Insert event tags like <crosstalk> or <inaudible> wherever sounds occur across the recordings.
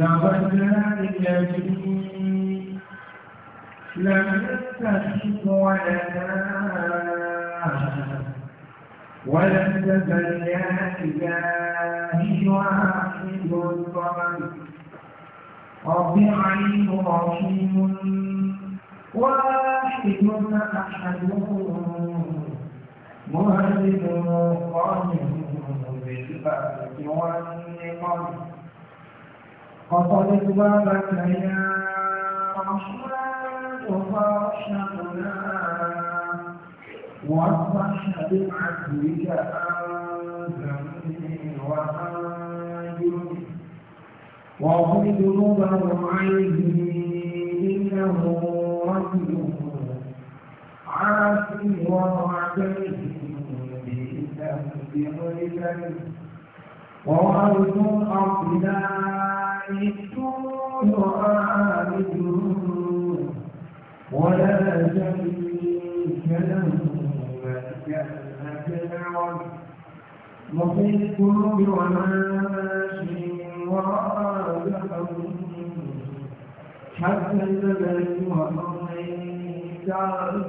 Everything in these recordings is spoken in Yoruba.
يا رجلان الذي لم يتخذ ولدا ولم تزل يا إلهي واحد الصمد ربي عليم رحيم واحد أحد مهزم قادم بالبأس والنقم وقد بابك يا رحمن فارحمنا واصلح بعفوك أنت وأنجم واغفر ذنوبهم عليه إنه رجل عاصي وضع بيته بإذنه بغير وأرض أقلائي يعالجون ولا شريك له محيط بوماشي وراء حتى البلد ومن تعرف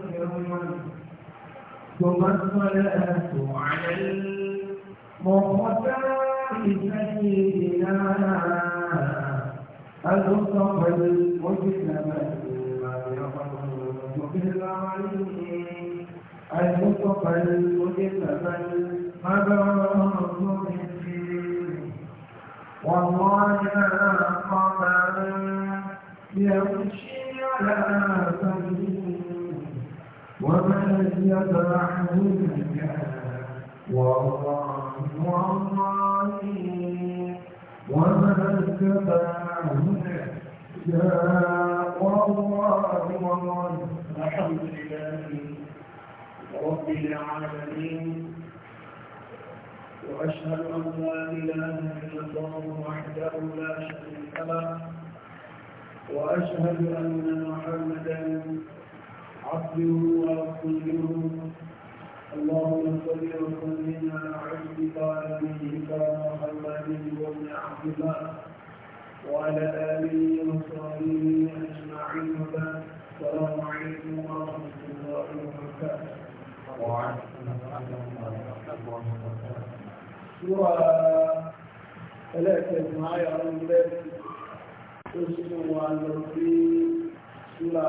ثم الصلاة على المختار سيدنا المصطفى المجتمع المصطفى المجتمع مبعوث من فيه والله ما قبل يمشي على سبيل ومن يبرح منك والله والله وما اتبعهم جاء والله والله الحمد لله رب العالمين وأشهد أن لا إله إلا الله وحده لا شريك له وأشهد أن محمدا عبده ورسوله اللهم صل وسلم على عبدك ونبيك محمد بن عبد وعلى اله وصحبه اجمعين وبارك السلام عليكم ورحمه الله وبركاته وعليكم السلام ورحمه الله وبركاته سوره ثلاثه معايا رمضان تسمو عن سوره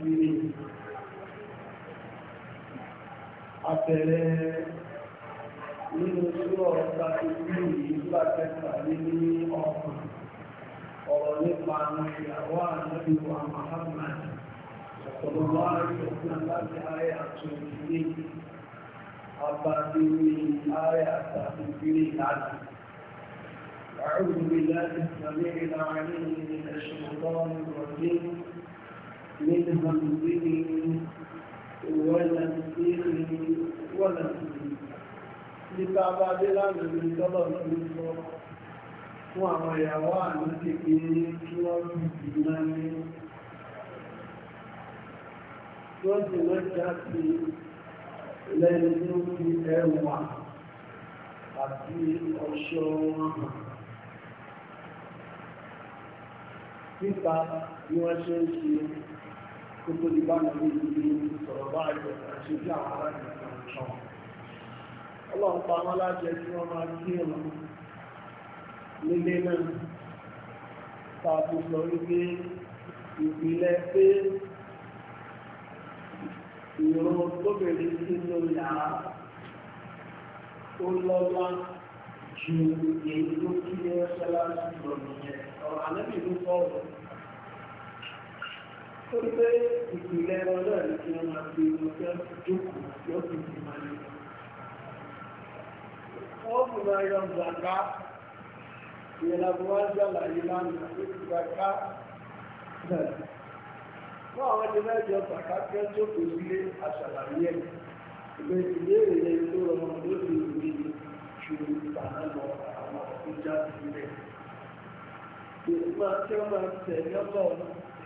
33 abẹ̀rẹ̀ nínú sọ́rọ̀ ọ̀pá ìlú ìgbà kẹta nínú ọkùn ọ̀rọ̀ nípa ìyàwó ànábì wa Muhammad ọ̀pọ̀lọpọ̀ àìsàn láti ayé àtúnṣe abadiri ayé àtàkùnfìrí أعوذ بالله السميع العليم من الشيطان الرجيم من همزه ونسيه ونسيه nípa bá dé láàrin ní tọ́lọ̀ tí ó sọ fún àwọn ìyàwó àmì ti pé kí wọ́n fi ìgbìmá ní wọ́n ti wọ́n já sí lẹ́nu tí fi ẹwà àti ọ̀ṣọ́ wọn nípa bí wọ́n ṣe ń ṣe tó di bá nàbí ìdílé sọ̀rọ̀ báyìí àti bí àwọn ará ìgbà ọ̀ṣọ́. ọlọ́run pa wọn lájẹ tí wọ́n máa gbé wọn nílé náà tàbí sọ wípé ìpìlẹ̀ pé ìrún tóbìnrin sínú yàrá tó lọ́lá ju èyí tó kí ní ọ́ṣẹ́lá sí lọ ọ̀rọ̀ àlẹ́ mi ló sọ̀rọ̀ torí pé ìpìlẹ̀ wọn náà ní kí wọ́n máa fi ọjọ́ jókòó yóò fi fi máa ní. wọ́n fi máa yọ gbàgbá ìyẹ̀lábùwá jàlàyé lánàá tó ti gbàgbá bẹ̀rẹ̀. wọ́n àwọn ẹni mẹ́jọ gbàgbá kẹ́ jókòó sílé aṣàlàyé ẹ̀. ìgbẹ́ ìbéèrè yẹn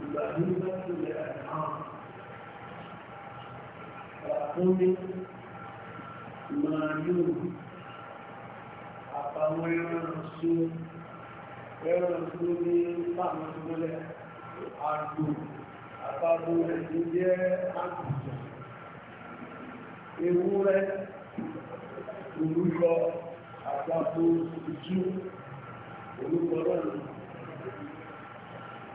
المألوفة للأنعام وأقول معلوم àtàwọn ẹran ṣe ẹran tó ní pàmò ìgbẹ́lẹ̀ àgbò àtàbò ndị jẹ́ àtìsàn ewúrẹ́ orúkọ àtàbò ìjú orúkọ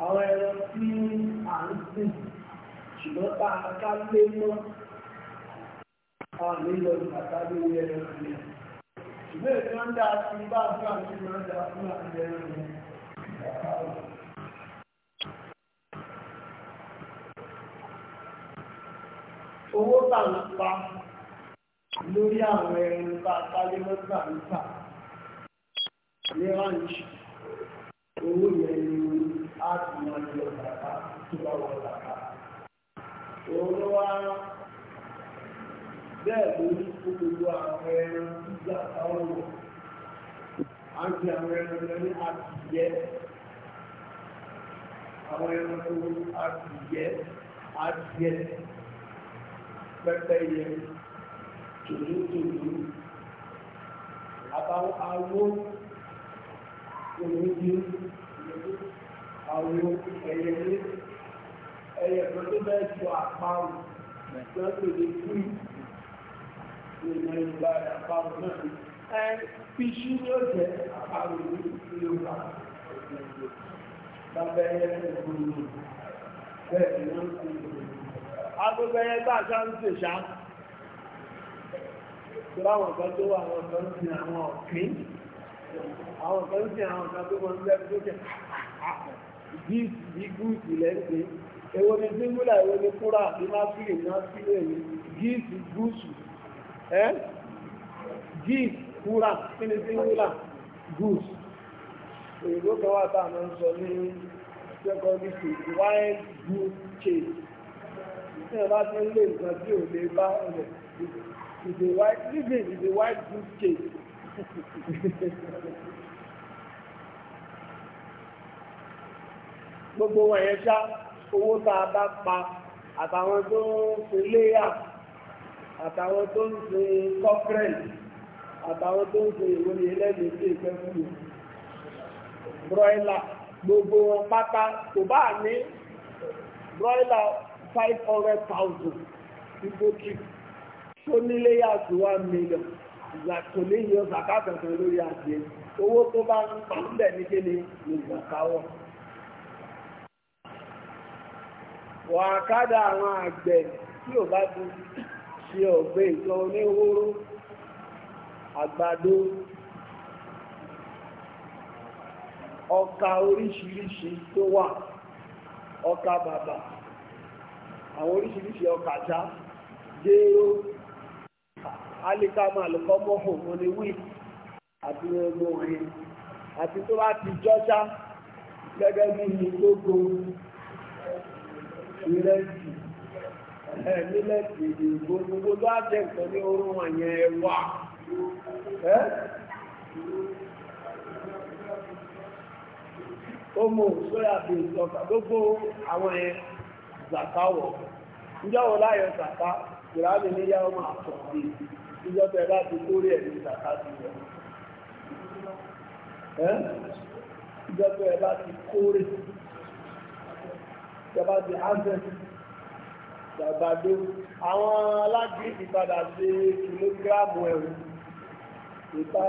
àwọn ẹran tí à ń sìn ṣùgbọ́n bá a lé mọ́ àwọn àlejò bàtà lórí ẹran rẹ̀ ṣùgbọ́n èdè ń dá sí bá a àti máa ń dá fún ẹran rẹ̀ owó bá ń pa lórí àwọn ẹran bá a lé mọ́ ń pa ní owó yẹn ni á ti mọ ilé ọ̀dàkà tó bá wọ ọ̀dàkà. Òun ló wá bẹ́ẹ̀ lórí gbogbo àwọn ẹran gbígbà táwọn wọ̀. À ń fi àwọn ẹran lọ ní àtìyẹ. Àwọn ẹran tó àtìyẹ àtìyẹ pẹ́pẹ́ yẹ tòlótòló àbáwọn awó òun yìí àwọn ẹyẹlé ẹyẹ tó bẹ́ẹ̀ tó àparùn tó pè ní fúì ìrìnà ìgbà àparùn náà ẹ fiṣú kan tó wà àwọn kan sí àwọn ọ̀kín àwọn kan sí àwọn kan tó wọ́n ń lẹ́gbẹ̀ẹ́ this equals eleven èwo ni singular èwo ni plural ni masculine ni masculine ni this gúúsù ẹ this plural kí ni singular gúúsù èyíkó kan wà tá a máa ń sọ ní secondary school wild goose chase tí wọn bá ti ń lé nǹkan tí ò lè bá ọ̀rẹ́ is a wild living is a wild goose chase. <laughs> gbogbo wọn yẹn ṣá owó tá a bá pa àtàwọn tó ń ṣe léyà àtàwọn tó ń ṣe kọ́kírẹ́lì àtàwọn tó ń ṣe ìwòye lẹ́nu sí ìfẹ́ fún mi bróílà gbogbo wọn pátá kò bá ní bróílà five hundred thousand ibo trip tó nílé yàtò one million ìyàtò léyìn ọ̀sàkà kankan lórí àjẹ owó tó bá ń pa ń bẹ̀ ní kéde ìgbà káwọ́. wọ́n àkádà àwọn àgbẹ̀ tí ò bá ti ṣe ọ̀gbẹ́ ìtọ́ oníhóró àgbàdo ọkà oríṣiríṣi tó wà ọkà bàbà àwọn oríṣiríṣi já alikama alùkọ́mọ́fò wọn ni wí àti ọmọ wọ̀nyí àti tó bá ti jọ́já gẹ́gẹ́ bí ìrẹsì mílẹ̀tì ìdìbò gbogbo tó àjẹ́ nǹkan ní orú wọn ẹwà ẹ́ ó mú sóyà bí gbogbo àwọn yẹn zàká Ndị láyọ̀ zàká ìrámi níyà ọmọ àtọ̀ sí níjọ́ tẹ̀ láti ìjọba ti ansẹ́t ìjàgbàdo àwọn alágbèéjì padà ṣe kìlógíráàmù ẹ̀rù ìta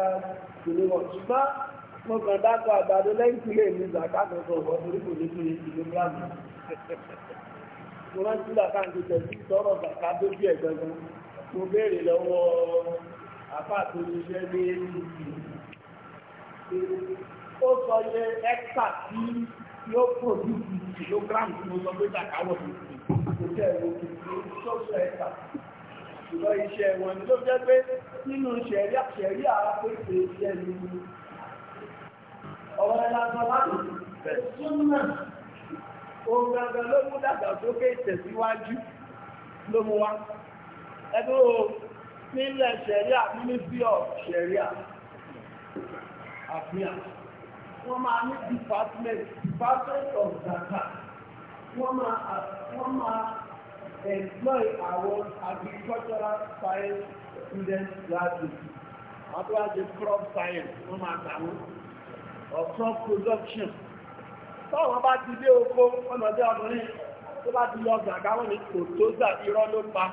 kìlógíráàmù ṣùgbọ́n mo kàn dákọ̀ àgbàdo lẹ́yìn tí lè ní zaka kankan ọ̀pọ̀ torí kò ní kiri kìlógíráàmù mo rántí zaka ń tètè sí sọ̀rọ̀ zaka tó ó sọ yẹ ẹ́kà sí yóò pòdúsì kìlógíráàmù tí mo sọ pé tàkàwọ̀ mi kò jẹ́ ẹ̀rọ kìlógíráàmù sọ́ọ̀sọ̀ ẹ̀ta ṣùgbọ́n iṣẹ́ wọn ló jẹ́ pé nínú ṣẹ̀rí àṣẹ̀rí àpèsè iṣẹ́ ni ọ̀rọ̀ ẹ̀lásán láti fẹ̀ súnmọ́ ohun gangan ló mú dàgbàsókè ìtẹ̀síwájú ló mú wá ẹgbẹ́ o nílẹ̀ ṣẹ̀rí àmúnisí ọ̀ ṣẹ̀rí àfihàn wọ́n máa ní department department of data wọ́n máa wọ́n máa employ àwọn agricultural science students graduates wọ́n tó wá crop science wọ́n máa tàwọn or crop production tọ́wọ́n bá ti dé oko ọ̀nà ọjọ́ ọkùnrin tó bá ti lọ gàgá wọn ni kò tó zà irọ́ ló pa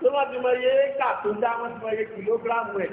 tó bá ti mọ iye éka tó dá wọn ti mọ iye kìlógíráàmù ẹ̀.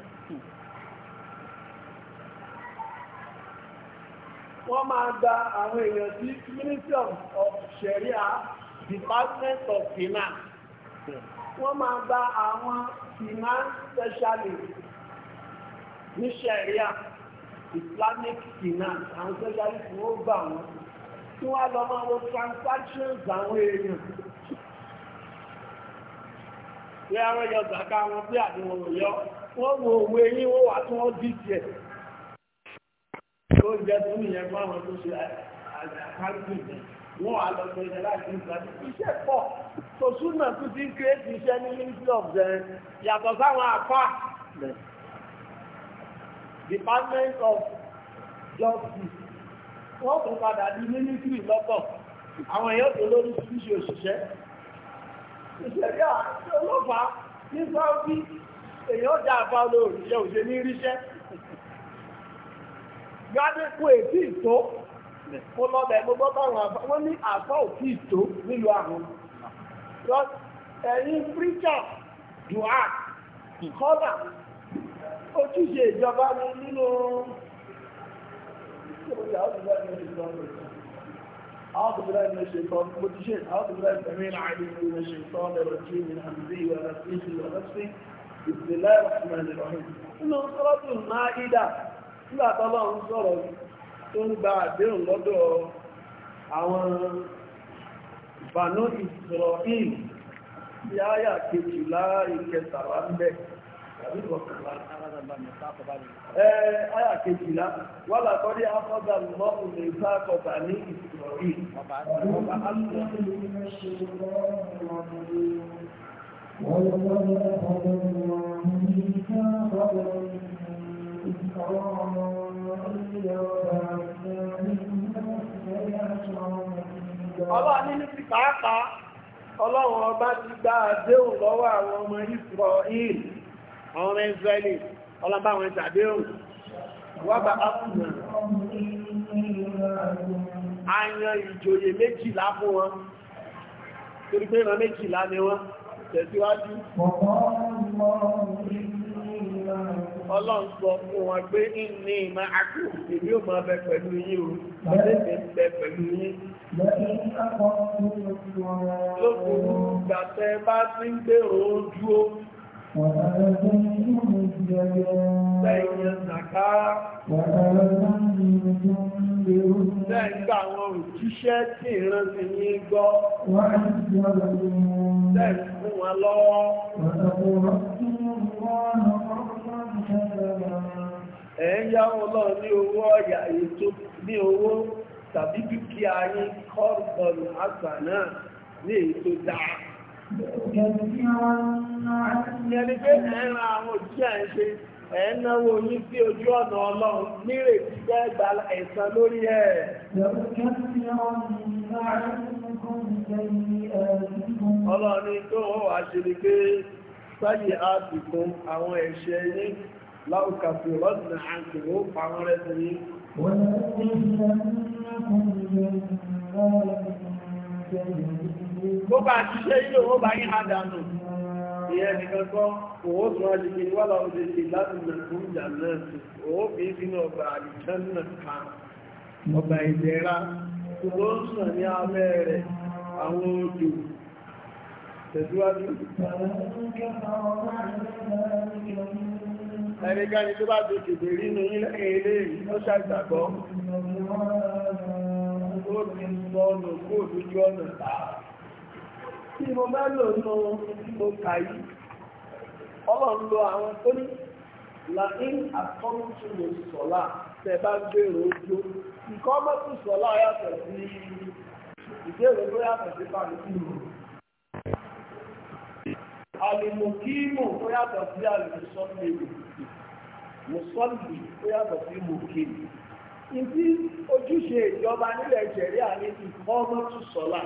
wọ́n máa gba àwọn èèyàn sí Ministry of Sharia Department of Finance wọ́n máa gba àwọn finance specialist ní Sharia Islamic finance àwọn specialist wọ́n gbà wọ́n tí wọ́n lọ máa wo transactions àwọn èèyàn pé àwọn èèyàn gbàgbà wọn bí àdéhùn yọ wọ́n wo òwe yín wọ́n wà tí wọ́n dì tiẹ̀ tó jẹ tó nìyẹn fún àwọn tó ṣe àkáǹtì wọn wà lọ sọ ìjọba àti ìgbà iṣẹ́ pọ̀ tó súnà tó ti ń kírètì iṣẹ́ ní ministry of the yàtọ̀ sáwọn àpá department of justice wọ́n tún padà di ministry lọ́tọ̀ àwọn èèyàn tó lórí ṣíṣe òṣìṣẹ́ ìṣẹ̀lẹ̀ ọlọ́pàá ní sáwọn bí èèyàn jà àbá olóòrìṣẹ́ òṣèlú ríṣẹ́ gbádùkú ètí ìtó mo lọ bẹ̀ mo gbọ́dọ̀ àwọn àbá wọ́n ní àbá òtí ìtó nílùú àwọn ẹ̀yin píríkà dùá kọ́là ojúṣe ìjọba ni nínú أعوذ بالله من الشيطان الرجيم أعوذ بالله السميع العليم من الشيطان الرجيم من همزه ونفسه ونفسه بسم الله الرحمن الرحيم إنه صلاة المائدة nígbà tọ́lọ́run sọ̀rọ̀ tó ń gba àdéhùn lọ́dọ̀ àwọn ìbànú Israel tí a yà kejìlá ìkẹtàlá ń bẹ̀ tàbí kọkànlá ayà kejìlá wà látọ́rí afọ́dà Ọlọ́run ní ti pàápàá, ọlọ́run ọba ti gba àdéhùn lọ́wọ́ àwọn ọmọ Israel, àwọn ọmọ Israeli, ọlọ́bá àwọn ìṣàdéhùn, wábà ápùnà. A yan ìjòyè méjìlá fún wọn, torí pé méjìlá ni wọ́n tẹ̀síwájú. Ọlọ́run sọ fún wọn pé ní ìmọ̀ àkú èmi ò máa bẹ pẹ̀lú yín o àbẹ̀bẹ̀ ń bẹ pẹ̀lú yín. Lókùnrin gbàtẹ́ bá ti ń gbèrò ojú o. وآتيتم Lẹ́gbà àwọn òjíṣẹ́ tí ìrántí ní gbọ́, lẹ́gbà fún wọn lọ́wọ́. Ẹ̀yà ọlọ́ ní owó ọ̀yà ètò ní owó tàbí dúkìá yín kọ́rùn-ún náà ní ètò dáa. Yẹni pé ẹran àwọn òjíṣẹ́ ẹ̀ ṣe ẹ̀ẹ́náwó yí sí ojú ọ̀nà ọlọ́run nírètí gbẹ́gbà ẹ̀san lórí ẹ̀. Ọlọ́run tó wọ́n wá ṣe ni pé sáyé àsìkò àwọn ẹ̀ṣẹ̀ yín láwùkàfì lọ́dún àǹkìrò àwọn rẹ̀ sí yín. Wọ́n ti ń ṣe ẹ̀rọ bó bá ti ṣe ilé owó bá yí àdánù ìyẹn nìkan kọ́ tún á jìkì wà lọ sí ti láti lè fún ìjà náà owó fi sínú ọgbà àdìjẹ́ náà ká ọgbà ìdẹ́ra tó ń sàn ní abẹ́ rẹ̀ àwọn odò tẹ̀síwájú ó ti sọ ọ̀nà kó ọ̀nà tààrà tí mo bá lò nù mo kà yìí ọlọ́run lo àwọn tó ní làín àkọ́mùtù lè sọ̀lá tẹ bá gbèrò ojú nǹkan mọ́tò sọ̀lá yàtọ̀ sí ìbéèrè tó yàtọ̀ sí pàlùkù alìmùkímù tó yàtọ̀ sí alìmùsọ́lẹ̀mù mùsọ́lì tó yàtọ̀ sí ìdí ojúṣe ìjọba nílẹ̀ jẹ̀rí àní sọ̀lá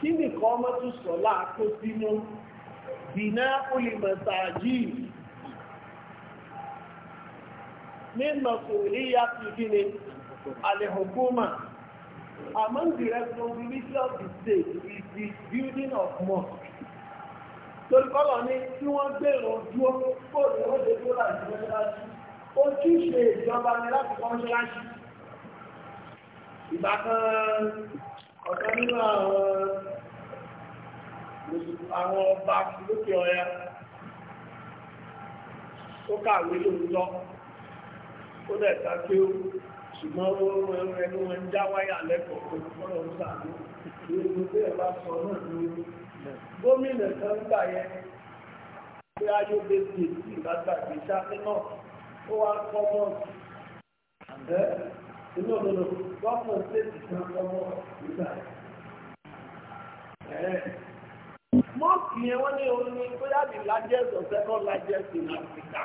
kí nìkan ọmọ tún sọ láàkó sínú bìnà olùmọ̀sáàjì nínú kòríyá ti gíní alẹ́hùnkúmà among the responsibility of the state is the building of mosque torikọ́lọ̀ ní tí wọ́n gbèrò dúó kóòdù ó lè tó láti mọ́ṣáláṣí ojúṣe ìjọba ni láti mọ́ṣáláṣí ìgbà kan ọ̀kan nínú àwọn àwọn ọba lókè ọya ó kàwé lóòótọ́ ó dẹ̀ ta pé ó ṣùgbọ́n ó ẹnu ẹnu ẹ ń já wáyà lẹ́kọ̀ọ́ tó fọ́nà ń sàánú ìlú tó ẹ̀ bá sọ náà ní gómìnà kan gbà yẹn pé ayọ́dẹ ti èsì ìbágbàgbé sáfẹ́ náà ó wá kọ́ mọ́ọ̀sì no inú ọ̀dọ́dọ̀ gọ́ọ̀mọ̀ ṣèṣì kan ọmọ ìgbà ẹ̀ mọ́ọ̀kì yẹn wọ́n ní òun ní bóyá the largest or second largest in Africa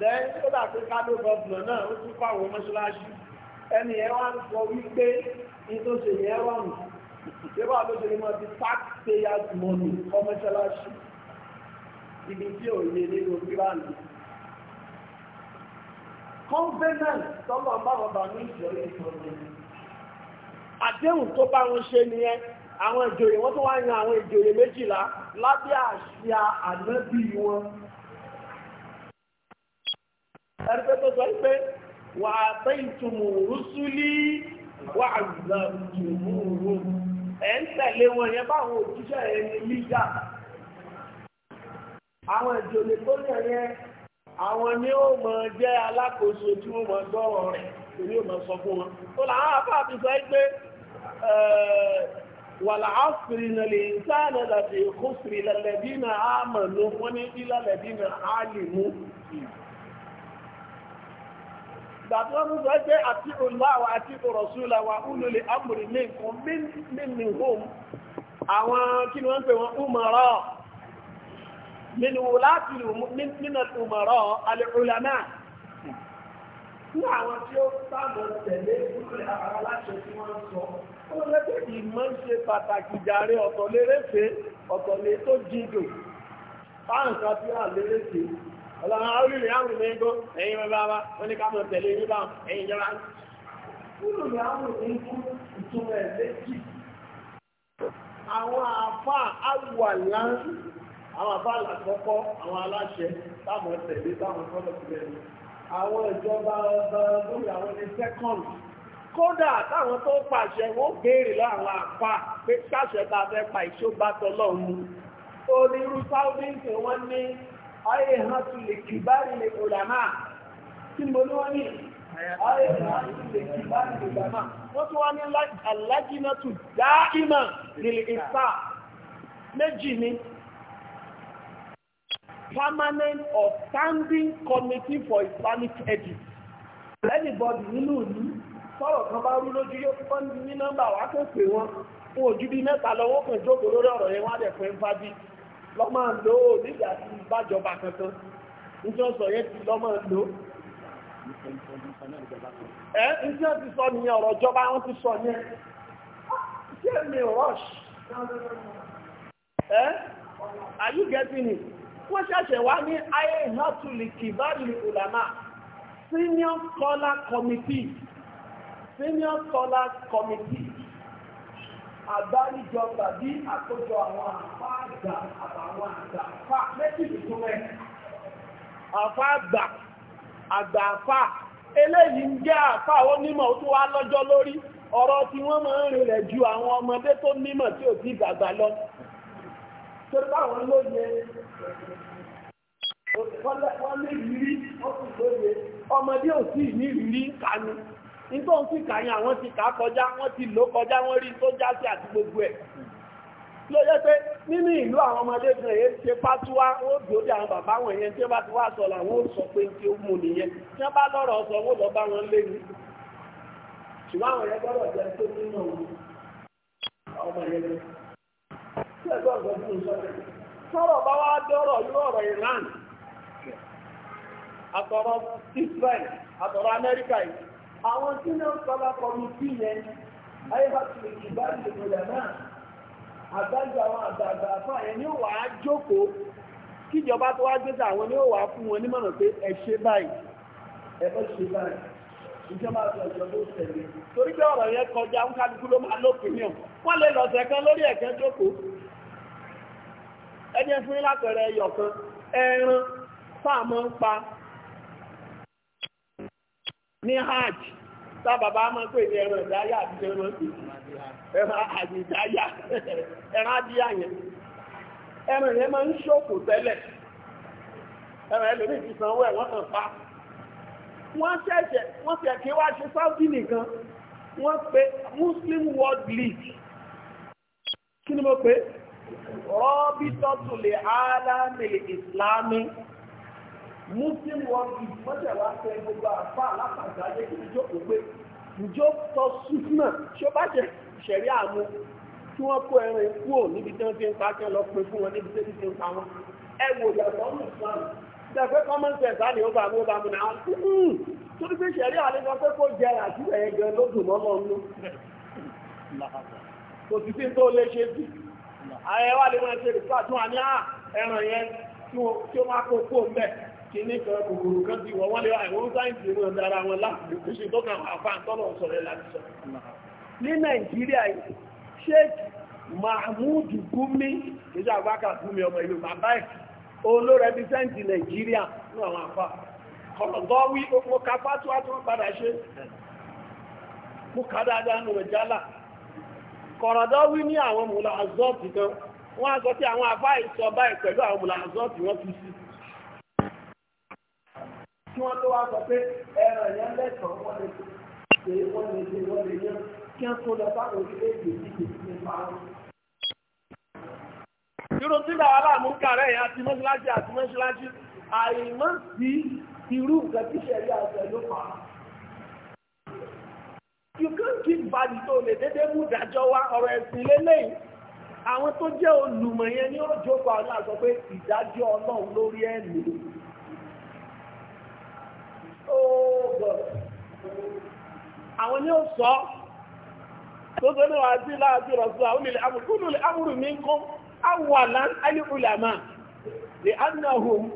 then kódà pé kádó gọ́ọ̀mù náà ó tún fáwọn mọ́ṣáláṣí ẹni ẹ wá ń sọ wípé ní tó ṣe yẹn wà nù ìṣèwà ló ṣe ní mo ti tax payers money kọ́ mọ́ṣáláṣí ibi tí ò yẹ nínú bíbáàlì covenant tọ́lọ̀ bá wọn bá ní ìjọ ìṣòro àdéhùn tó bá wọn ṣe nìyẹn àwọn ìjòyè wọn tó wá yan àwọn ìjòyè méjìlá lábẹ́ àṣà ànábì wọn ẹgbẹ́ tó sọ pé wà á tẹ́ ìtumù rúsúlì wà á gbà ìtumù rú ẹ̀ ń tẹ̀lé wọn yẹn báwọn òjíṣẹ́ ẹni lídà àwọn ìjòyè tó yẹ yẹn àwọn ni ó mọ̀ jẹ́ alákòóso tí ó mọ̀ gbọ́rọ̀ rẹ̀ torí ó mọ̀ sọ fún wọn ó là á fà fi sọ pé wàlà áfìrì nà lè sáànà láti kófìrì lẹ́lẹ́bí nà á mọ̀ ló wọ́n ní bí lẹ́lẹ́bí nà á lè mú gbàtí wọ́n sọ pé àti olùwàwà àti òrọ̀súlà wà úlùlé amúrì àwọn kí ni wọ́n pè wọ́n umara من ولاة من من الأمراء العلماء ní àwọn tí ó sáàmù tẹ̀lé ìpínlẹ̀ àwọn aláṣẹ tí wọ́n ń sọ ó lẹ́tẹ̀ ìmọ̀ ń ṣe pàtàkì jàre ọ̀tọ̀ lérèfé tó jíndò fáwọn tí wà lérèfé ọlọ́run orílẹ̀ àwọn ìmọ̀ ẹ̀yìn àwọn àbáàlà àkọ́kọ́ àwọn aláṣẹ táwọn tẹ̀lé táwọn tọ́lọ̀ sílẹ̀ ni àwọn ìjọba ọba lórí àwọn ní second kódà táwọn tó pàṣẹ wọ́n béèrè láwọn àpá pé káṣẹ ta fẹ́ pa ìṣóbá tọ́lọ̀ mu onírú sáúdíǹsì wọ́n ní ayé hàn tún lè kì báyìí lè kódà náà tí mo ní wọ́n ní ayé hàn tún lè kì báyìí lè kódà náà wọ́n tún wá ní alájínà tún dáìmọ̀ nílé ìsà méjì permanent or standing committee for Islamic ethics. lẹ́nìbọ̀dì nínú ìlú sọ̀rọ̀ kan bá rú lójú yóò fọ́ ní nọ́mbà wá kàn pé wọ́n fún ojú bíi mẹ́ta lọ́wọ́ kan jókòó lórí ọ̀rọ̀ yẹn wá dẹ̀ fún ẹnfà bíi lọ́mọ lò ó nígbà tí ìbájọba kankan nítorí sọ yẹn ti lọ́mọ lò ẹ ǹjẹ́ ti sọ nìyẹn ọ̀rọ̀ ìjọba wọn ti sọ yẹn ṣé mi rush. ẹ are you getting it? wọ́n ṣẹ̀ṣẹ̀ wá ní ayé ìhàtùlì kìbárì ulama senior scholar committee senior scholar committee àgbáríjọ tàbí àkójọ àwọn àfá àgbà àtàwọn àgbà àfá méjìlì tó mẹ́ àfá àgbà àgbà àfá eléyìí ń jẹ́ àfá onímọ̀ tó wá lọ́jọ́ lórí ọ̀rọ̀ tí wọ́n máa ń rìnlẹ̀ ju àwọn ọmọdé tó nímọ̀ tí ò ti dàgbà lọ. tó báwọn lóye wọ́n lé ìrírí wọ́n sì lóye ọmọdé ò sí ní ìrírí kanu nígbà òun sì kàyàn àwọn ti kà kọjá wọ́n ti lò kọjá wọ́n rí tó já sí àti gbogbo ẹ̀ ló yẹ pé nínú ìlú àwọn ọmọdé kan èyí ṣe pátúwá ó dòde àwọn bàbá wọn yẹn tí wọ́n bá ti wá sọ làwọn ó sọ pé tí ó mú nìyẹn tí wọ́n bá lọ́rọ̀ sọ wọ́n lọ bá wọn lé ní ṣùgbọ́n àwọn yẹn gbọ́dọ̀ jẹ tó nínú ọmọ yẹn lọ sí ẹgbẹ́ ọ̀gbọ́n tó ń sọ sọ̀rọ̀ bá wá dọ́rọ̀ irú ọ̀rọ̀ Iran àtọ̀rọ̀ Israel àtọ̀rọ̀ Amẹ́ríkà yìí àwọn tí náà sọ́lá yẹn ayébáṣe ìbáṣe ìrọ̀lẹ́ náà àwọn àgbààgbà ni ó wà á jókòó kíjọba tó wá gbé wọn pé ẹ ṣe báyìí ẹ ṣe báyìí ìjọba àti ẹjẹ́ fún ìlàpẹ̀rẹ̀ ẹyọ̀kan ẹran sáàmọ́ ń pa ní hajj tá bàbá máa pè ní ẹran ìdáyà àti ẹran ẹran àti ìdáyà ẹran adíyà yẹn ẹran yẹn máa ń ṣòfò tẹ́lẹ̀ ẹran ẹlòmíì ti sanwó ẹ̀ wọ́n kàn pa wọ́n ṣẹ̀ṣẹ̀ wọ́n ṣẹ̀ kí wá ṣe Saudi nìkan wọ́n pe Muslim World League kí ni mo pè é rọ́bítọ́tù lè álámìlì ìsìlámi muslim world is mọ́tẹ̀wá fẹ́ gbogbo àfá alápàtà ayé kí ìjọ kò pé ìjọ tọ́ súnmọ̀ tí ó bá jẹ ṣẹ̀rí àmú kí wọ́n kó ẹran ikú ò níbi tí wọ́n ti ń pa kí wọ́n lọ pé fún wọn níbi tí wọ́n ti ń pa wọn ẹ wò yàtọ̀ ní ìsìlámù ìdàgbé common sense á ní ó bá mú ó bá mú náà tó ní pé ṣẹ̀rí àlejò pé kó jẹ àjúwẹ̀ yẹn gan ló dùn mọ́ lọ́nú kò sì sí tó lè ṣe sí àyẹ̀wà lè máa ṣe rìpá tún àní à ah, ẹran yẹn tí ó máa kó kó mẹ́ kí ní kan kòkòrò kan ti wọ̀ wọ́n lé àwọn sáyẹ̀nsì ìlú ọ̀dà ara wọn láti kò sí tọ́ka àfa àtọ́nà sọ̀rọ̀ láti sọ. ní nàìjíríà sheikh mahmood gumi ìjọ àbáka gumi ọmọ ìlú bàbá ẹ̀ olórẹ́bísẹ́ǹtì nàìjíríà ní àwọn àfa ọ̀gọ́wí mo ka fásitì wá tún padà ṣe mo kà dáadáa nù ẹ̀jálà kọ̀rọ̀dọ́ wí ní àwọn mùlà azọ́ọ̀tì kan wọ́n á sọ pé àwọn àbá ìsọ báyìí pẹ̀lú àwọn mùlà azọ́ọ̀tì wọ́n fi sí. kí wọ́n tó wá sọ pé ẹran ìyẹn lẹ́tọ̀ọ́ wọ́n lè ṣe wọ́n lè ṣe wọ́n lè yán kí wọ́n tó lọ sáwọn orílẹ̀-èdè tí kò sí pa wọn. irú tí bàbá aláàmú ń kàrẹ́ yẹn àti mọ́ṣáláṣí àti mọ́ṣáláṣí àìmọ́ sí irú nǹkan tíṣẹ̀rí àṣẹ ló pa á. you can't give value tó lè dédé mú ìdájọ́ wá ọ̀rọ̀ àwọn tó jẹ́ olùmọ̀ yẹn ní ó jókòó àwọn àṣọ pé oh ni ó sọ gbogbo ní wàá sí láàbí rọ̀sùn àwọn mi ń kọ́ awàlá alìkùlàmà lè àwọn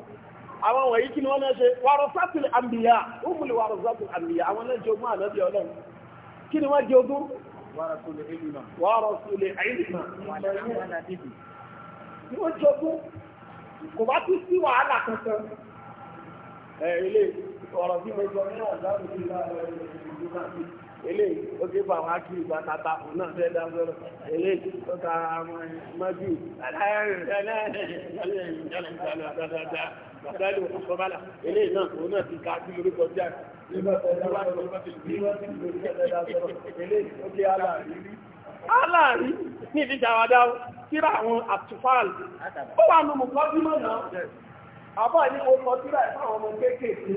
wọ̀nyí kí ni wọ́n náà ṣe wàrọ̀sátìlì àmbìyà ó múlẹ̀ wàrọ̀sátìlì àwọn kí ni wọ́n jẹ ogún wàárọ̀ sólè àìlìmọ̀ ni wọ́n jẹ ogún kò bá tún sí wàhálà kankan ilé ọ̀rọ̀ bí mo sọ ní àdáwò sí ilé oge bá wọn kí ìgbà tata òun náà fẹ́ dáfẹ́rọ ilé tó ta mọ́jú àdáyé òkú sọ́bálà eléyìí náà òun náà ti ka kí lórí kọjá aláàrí ní ìdíjà àwádá tíra àwọn àtúfáàlì ó wà nù mùkọ́ bí mọ́ náà àbá ní mo kọ tíra ìfáwọn ọmọ kéékèèké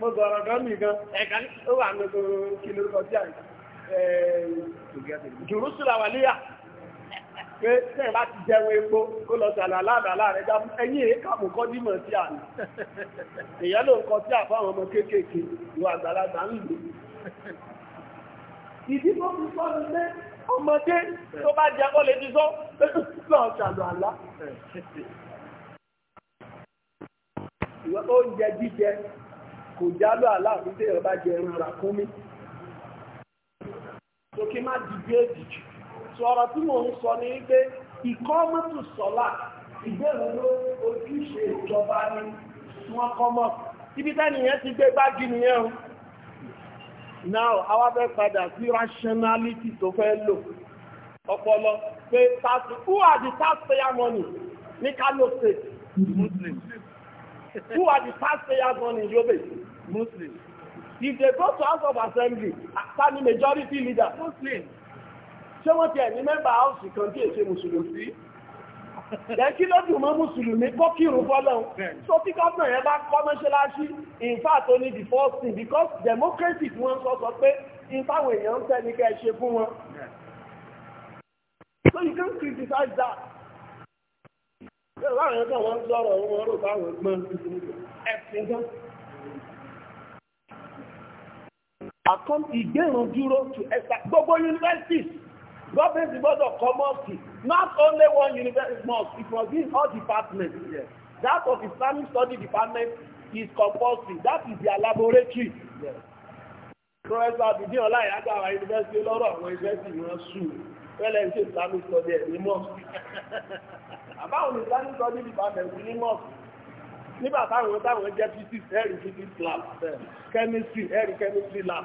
mo gọ̀rọ̀ gan nìkan ẹ̀ka ó wà nù kí lórí kọjá jùrúsùlà wàlíyà pé tẹ́ bá ti jẹun epo kó lọ sàlà aláàdàlá rẹ̀ já ẹ̀yìn èékàmù kọ́ dímọ̀ sí àná èyàn ló ń kọ sí àfáwọn ọmọ kéékèèké ìwà àgbàlagbà ń lò ìdí tó fi sọ ni pé ọmọdé tó bá jẹ ọ lè ti sọ lọ sàlà àlá oúnjẹ jíjẹ kò jálọ àlá àbúté ọba jẹ ẹran rà kún mi. Sókè má dìgbé èdìjì sọ̀rọ̀ tí mò ń sọ ní pé ìkọ́mọ́tò sọ́lá ìgbéhùn ló ojúṣe ìjọba ni wọ́n kọ́mọ́ ibi tẹ́ni yẹn ti gbé gbági nìyẹn o now àwa fẹ́ padà sí rationality tó fẹ́ lò ọpọlọ pé tàbí who are the taxpayer money ní Kano state Muslims. who are the taxpayer money in Yobe Muslim if they go to House of Assembly as majority leader Muslims ṣé wọ́n ti ẹ̀ní mẹ́mbà áùsì kan tí èṣe mùsùlùmí lẹ́kí ló dùn mọ́ mùsùlùmí kó kírun fọ́lọ́un so tí gọ́ọ̀nà yẹn bá kọ́ mọ́ṣáláṣí in ní can criticize that àkọ́m ìgbéràn dúró to ẹ̀sà universities Government the about of community. Not only one university must, it must be all departments Yes. That of Islamic study department is compulsory. That is their laboratory. Yes. Professor Abidin Olayi Agawa University lọ́rọ̀ àwọn university ni wọ́n sùn. Fẹ́lẹ̀ ń ṣe Islamic study ẹ̀ ní mosque. <laughs> Islamic study department ní mosque. Nígbà táwọn táwọn jẹ́ physics, ẹ̀rí physics lab, chemistry, ẹ̀rí chemistry lab.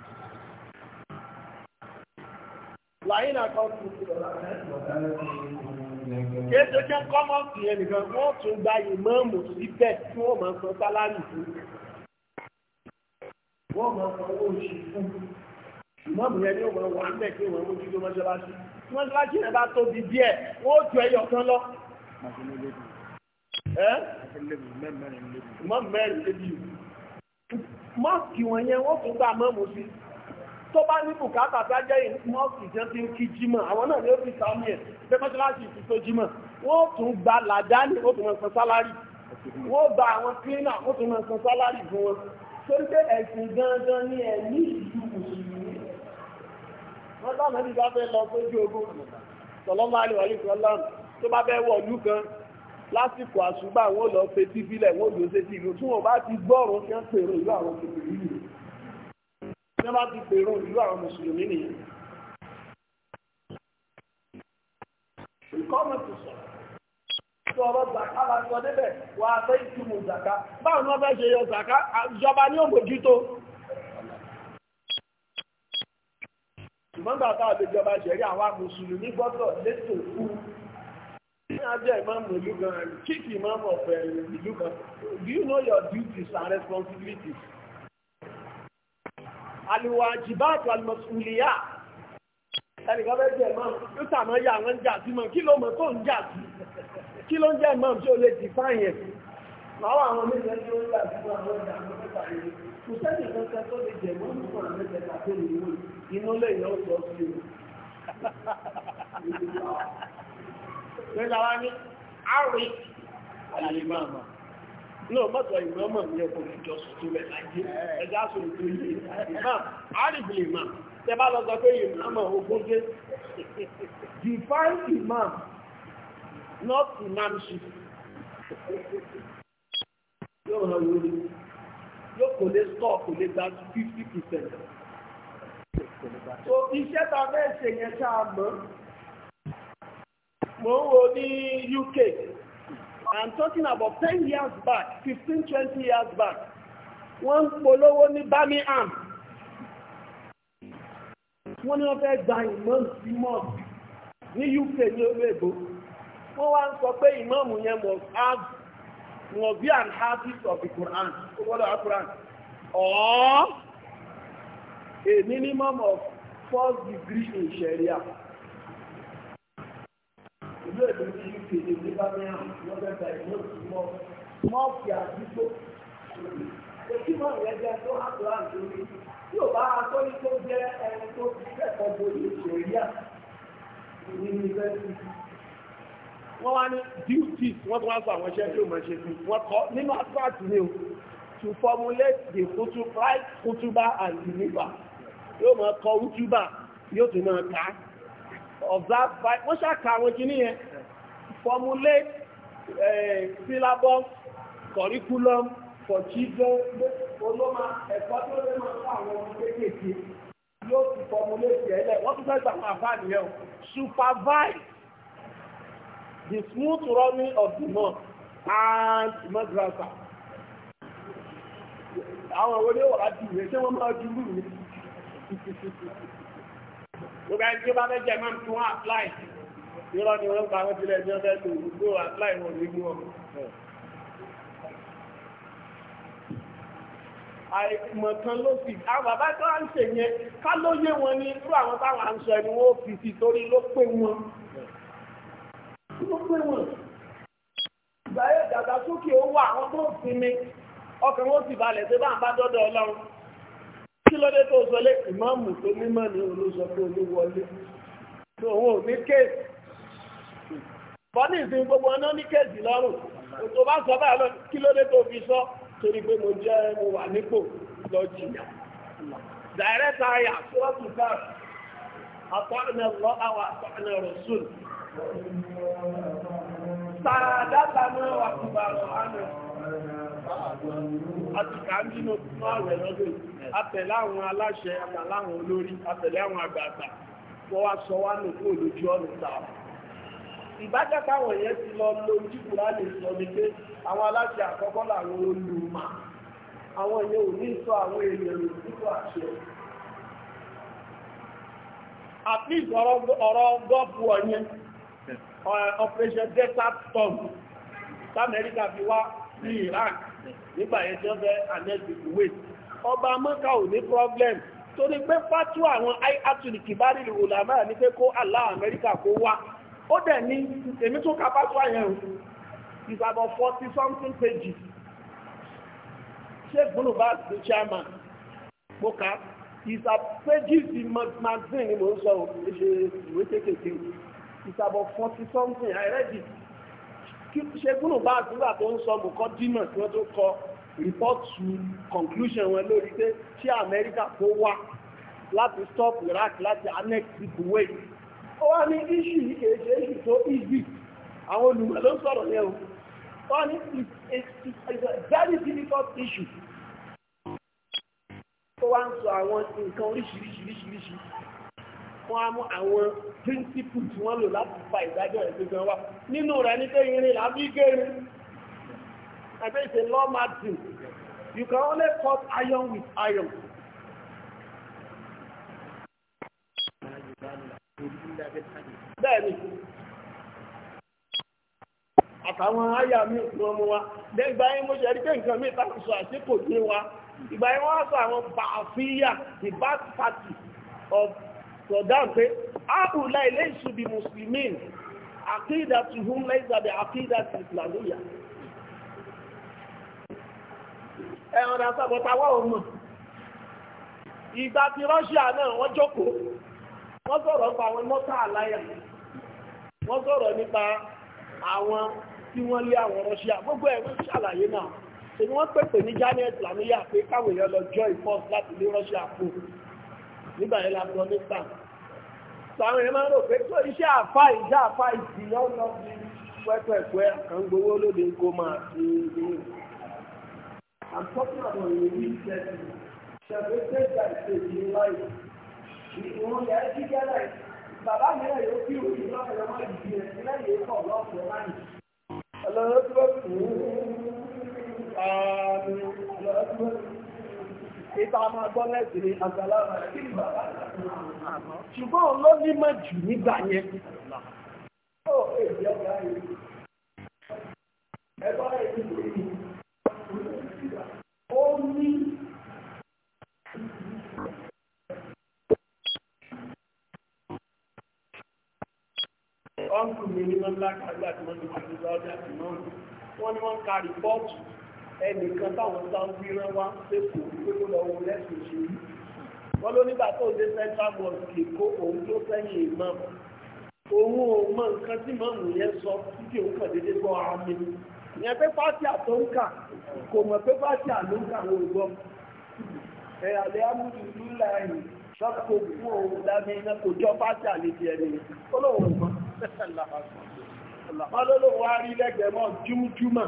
láyín àkọ́kù kéèsè kí ń kọ́mọ́ sí ẹnìkan wọ́n tún gba ìmọ̀ọ̀mù síbẹ̀ tí wọ́n máa sọ sálárì fún wọ́n máa sọ owó oṣù fún ìmọ̀ọ̀mù yẹn ni wọ́n wà mẹ́ kí wọ́n mójútó mọ́ṣáláṣí tí mọ́ṣáláṣí yẹn bá tóbi díẹ̀ wọ́n ju ẹyọ kan lọ. ìmọ̀ọ̀mù mẹ́rin lébi mọ́ọ̀kì wọn yẹn wọ́n tún gba mọ́ọ̀mù sí i tó bá ní bùkátà tí a jẹ́ mọ́ọ̀sì jẹ́ tí ń kí jímọ̀ àwọn náà ni ó fi sàmì ẹ̀ pé mọ́ṣáláṣí ìfi tó jímọ̀ wọ́n tún gba làdáni ó tún mọ̀ san sálárì wọ́n gba àwọn cleaner ó tún mọ̀ san sálárì fún wọn tó ń pé ẹ̀sìn gangan ní ẹ̀ ní ìlú mùsùlùmí wọ́n sáà mẹ́rin bá fẹ́ lọ sójú ogun sọlọ́mọ àlèwàlè sọlọ́m tó bá fẹ́ wọ̀ ìlú kan lásìkò àṣùgbà wọn lọ fetí bílẹ̀ wọn lọ sétí ìlú tí wọn bá ti gbọ́rùn-ún kí wọ́n pèrò ìlú àwọn kékeré yìí tí wọ́n bá ti pèrò ìlú àwọn mùsùlùmí nìyẹn. ìkọ́mọ̀ ti sọ̀rọ̀ tí ọ̀rọ̀ zaka bá sọ débẹ̀ wà á fẹ́ ìtumọ̀ zaka báwo ni wọ́n fẹ́ ṣe yọ zaka ìjọba ní òmòjútó. ṣùgbọ́n bàbá àbẹ̀jọba ṣẹ̀rí àwọn mùsùlùmí gbọ́dọ̀ létò fún ní ajẹ́ ìmáàmù ìlú kan kíkì ìmáàmù ọ̀fẹ́ ìlú kan do you know your duties and responsibilities? alìwàjìbáàtù alìmọ̀sùlìyà ẹnìkan bẹ́ẹ̀ jẹ́ mọ́ yóò tàmọ́ yà wọ́n ń jà sí mọ́ kí ló mọ̀ tó ń jà sí kí ló ń jẹ́ mọ́ tí ó lè dì fáyẹ̀ àwọn àwọn méjì tí ó ń jà sí mọ́ àwọn ọjà àwọn yìí kò sẹ́ni kankan tó lè jẹ̀ mọ́ nípa àwọn mẹ́tẹ̀ẹ̀ta tó lè inú lè yàn ó sí o. Gbẹ́dàwá ní àrùn àlè máa mọ̀ náà mọ́tọ̀ ìmọ́mọ̀ ní ọkọ̀ ìjọsùn tó rẹ̀ láyé ẹjá sọ ètò ilé ìmọ̀ àríbì ìmọ̀ tẹ bá lọ́sọ pé ìmọ̀ ogójé define imam not imamship yóò ràn yóò rí yóò kò lè sọ kò lè gba fifty so iṣẹ́ ta fẹ́ ṣe yẹn ṣáà mọ́ mo ń wo ní UK am talking about ten years back, fifteen, twenty years back. Wọ́n ń polówó ní Birmingham. Wọ́n ní wọ́n fẹ́ gba ìmọ̀ọ́mù sí mọ́ọ̀mù ní UK ní orí ègbó. Wọ́n wá ń sọ pé ìmọ̀ọ́mù yẹn must have must be an artist of the Quran. Ó gbọ́dọ̀ á Quran. Or a minimum of first degree in Sharia ìlú èdè ní uk ní birmingham lọ́gbẹ̀ta ìlú òsùnmọ́ mọ́ọ̀kì àdúgbò èyí mọ̀ yẹn jẹ́ tó àtúrà lórí tí ò bá akọ́ni tó jẹ́ ẹni tó ti kẹ́kọ̀ọ́ borí ìṣòríà ní yunifásitì. wọ́n wá ní duties wọ́n tún wá sọ àwọn iṣẹ́ tí ò máa ṣe sí wọ́n kọ́ nínú àtúràtì ni o to formulate the kutuba and deliver yóò máa kọ kutuba yóò tún máa kà observe five wọ́n ṣàkà àwọn kìíní yẹn formulate eh, syllabus curriculum for children olóma ẹ̀kọ́ tó lè máa fún àwọn ọmọ kéékèèké yóò ti formulate yẹn lẹ̀ wọ́n tún fẹ́ gbà máa bá nìyẹn o supervise the smooth running of the month and madrasa àwọn ìwé ni wọ́n á di ìwé ṣé wọ́n máa di rúùrù gbogbo ẹni tí ó bá fẹ́ jẹ máa ń tún apply irọ́ ni wọ́n gba àwọn ìpínlẹ̀ tí wọ́n fẹ́ lò gbogbo apply wọn ní gbọ́. àìmọ̀kan ló fi àwọn bàbá tó ń ṣe yẹn ká ló yé wọn ní irú àwọn táwọn à ń sọ ẹni wọn ó fi sí torí ló pé wọn. ló pé wọn. ìgbà yẹn dàgbàsókè ó wà àwọn tó ń sinmi ọkàn wọn ó sì balẹ̀ pé bá ń kí ló dé tó sọ lé ìmáàmù tó mímọ̀ ní olóṣọ tó olúwọlé tó òun ò ní kéèsì bọ́ní ìsìn gbogbo ọ̀nà ní kéèsì lọ́rùn tó bá sọ báyìí lọ kí ló dé tó fi sọ torí pé mo jẹ́ mo wà nípò lọ jìyà dàrẹ́tà ayà sọ́ọ̀tù káà àtọ́nà lọ àwọn àtọ́nà rọ̀ṣùn sàràdàtà náà wà kúbàrọ̀ àná àtìkà nínú fún ààrẹ lọ́dún àtẹ̀lé àwọn aláṣẹ àtàlé àwọn olórí àtẹ̀lé àwọn àgbààgbà tó wá sọ wá nù kó ti lọ lo jíkùrá lè sọ ni pé àwọn aláṣẹ àkọ́kọ́ làwọn olùmọ̀ àwọn yẹn ò ní sọ àwọn èèyàn lò àṣẹ àti ọ̀yẹn operation storm fi wá ní nígbà yẹn tí wọ́n fẹ́ anẹ́sì ìwé ọba mọ́ká ò ní problem torí pé fátú àwọn ayatollah kibari olama ní pé kó Allah Amẹ́ríkà kó wá ó dẹ̀ ní èmi tún ka fátú àyẹn is about forty something pages ṣé gbọ́dọ̀ bá the chairman mo kà is about pages in magazine ni mo ń sọ ìwé kékeré is about forty something I read it ṣekúnù bá àtúgbà tó ń sọ mùkọ́ dínà tí wọ́n tó kọ rìpọ́tù conclusion wọn lórí pé ṣé Amẹ́ríkà tó wá láti stop Iraq láti annex Kuwait ó wá ní iṣu yìí kìí ṣe iṣu tó easy àwọn olùmọ̀ ló ń sọ̀rọ̀ yẹn o ó wá ní it's a very difficult issue ó wá ń sọ àwọn nǹkan oríṣiríṣiríṣiríṣi wọ́n àwọn píríncípù tí wọ́n lò láti fa ìdájọ́ ẹ̀sìn wa nínú rẹ̀ ní pé irin làbí gẹ́rin ẹgbẹ́ ìṣe law martin you can only cut iron with iron. bẹ́ẹ̀ni àtàwọn àyà mi ìpín ọmọ wa lẹ́gbà yín mo ṣẹ̀rí pé nǹkan mìí tàbí àti kò ní wa ìgbà yín wọ́n sọ àwọn bàáfíyà the back party of sọ̀dáà pé áàbùlá ilé ìṣubí mùsùlùmí àkídà tí hún lẹ́sàbẹ̀ àkídà tí ìsìlámíyà ẹ̀rọ̀dà sàbọ̀tàwọ̀ ọmọ ìgbà tí Russia náà wọ́n jókòó wọ́n sọ̀rọ̀ nípa àwọn mọ́tà àláyà wọ́n sọ̀rọ̀ nípa àwọn tí wọ́n lé àwọn Russia gbogbo ẹ̀ wọ́n ṣàlàyé náà ṣe ni wọ́n pèpè ní Janet lamiya pé káwọn èèyàn lọ join force láti lé Russia kúrò nígbà yẹn la sọ ní sàwọn èèyàn máa ń rò pé tó iṣẹ́ àfa ìṣe àfa ìsìn ọ̀nà bíi pẹ́pẹ́pẹ́ kan gbowó lóde kó máa ṣe é I'm talking about a real setting. Celebrated by faith in life. Ìwọ̀n yà á jí gẹ́lẹ̀. Bàbá mi náà yóò fi òun ìlú ọ̀rọ̀ máa di ẹ̀ sílẹ̀ yìí pọ̀ lọ́sọ̀ọ́ láyìí. Ọlọ́run tó bá kù ú. Ààrùn ọlọ́run tó bá kù ú ìta máa gbọ́ lẹ́sì ní àgbàlára ṣùgbọ́n ló ní mọ̀ jù nígbà yẹn. Ó ní ọ̀nkù mi ní wọ́n lákàgbà tí wọ́n ti wà ní wọ́n ní wọ́n ka rìpọ́ọ̀tù ẹnìkan táwọn sáńbí rán wá sẹ́kọ̀ọ́ pé kó lọ wo lẹ́sùn òṣèlú wọ́n ló nígbà tó dé central mosque kó òun tó sẹ́yìn imam òun ò mọ nǹkan tí mọ́mù yẹn sọ títí òun kàn déédéé gbọ́ àmì ìyẹn pé fátíà tó ń kà kò mọ̀ pé fátíà ló ń kà ló ń gbọ́ ẹ àlẹ́ amúdùdú láàyè sọ́kò fún òun dání iná kò jọ fátíà lè di ẹni ó lóun mọ́ <laughs> wọ́n ló lóun wá rí lẹ́gbẹ̀ẹ́ mọ́ júmjúmọ̀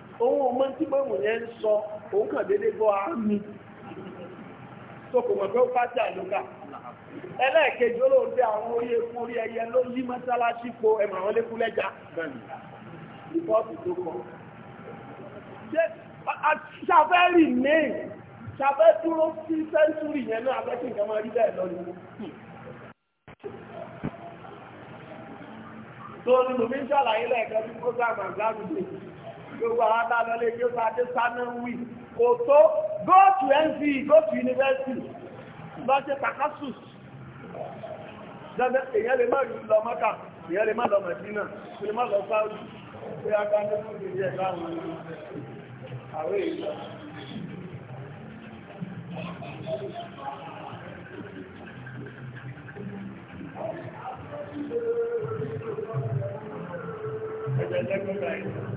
òun ò mọ̀ tí mọ́mù yẹn ń sọ òun kàn dédé gbọ́ àmì tó kò mọ̀ pé ó fájà lókà ẹlẹ́ẹ̀kejì olóòdé àwọn oyè fún orí ẹyẹ ló yí mọ́sálásí po ẹmọ̀ àwọn lékún lẹ́jà rìpọ́ọ̀tù tó kọ̀ ṣàfẹ́ rì ní ṣàfẹ́ dúró sí sẹ́ńtúrì yẹn náà abẹ́kì nǹkan máa rí bẹ́ẹ̀ lọ ni tó ní mo fi ń ṣàlàyé lẹ́ẹ̀kan tí program àgbàdo dé gbogbo àwọn adájọ́ lè gbé sáadé sáná wì kò tó go to NV go to university lọ́jẹ́ takasus dandan èyàn lè má rí lọ mọ́ta èyàn lè má lọ mọ̀dínà kò lè má lọ sáwọ́dì pé a bá ní fún ìdí ẹ̀gbá àwọn àwẹ́ ìlú Ẹgbẹ̀lẹ́gbẹ̀rẹ̀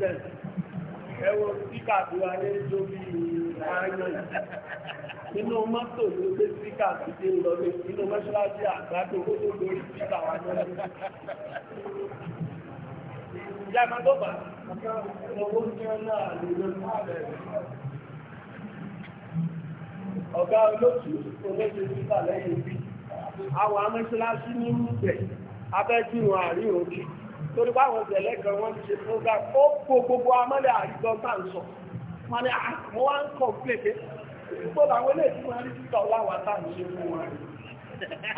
president ẹwọ síkà tó wà ní tóbi ààyàn nínú mọ́tò ló gbé síkà tó dé lọ ní nínú mọ́ṣáláṣí àgbàdo ó lórí síkà wà ní ọdún. ìyá máa tó ọwọ́ tí wọ́n náà lè lọ sí àbẹ̀ ọ̀gá olóòtú olóòtú síkà lẹ́yìn bí àwọn amọ́ṣáláṣí ní ìbẹ̀ abẹ́jú àárín òkè torí báwọn ìṣẹ̀lẹ̀ kan wọ́n ti ṣe program ó kó gbogbo amọ́lẹ̀ àìjọ sáǹsọ̀ wọn ni ah, mo wá ń kọ̀ plété gbogbo àwọn ilé tí wọ́n rí títọ̀ láwọn sáǹsọ̀ fún wọn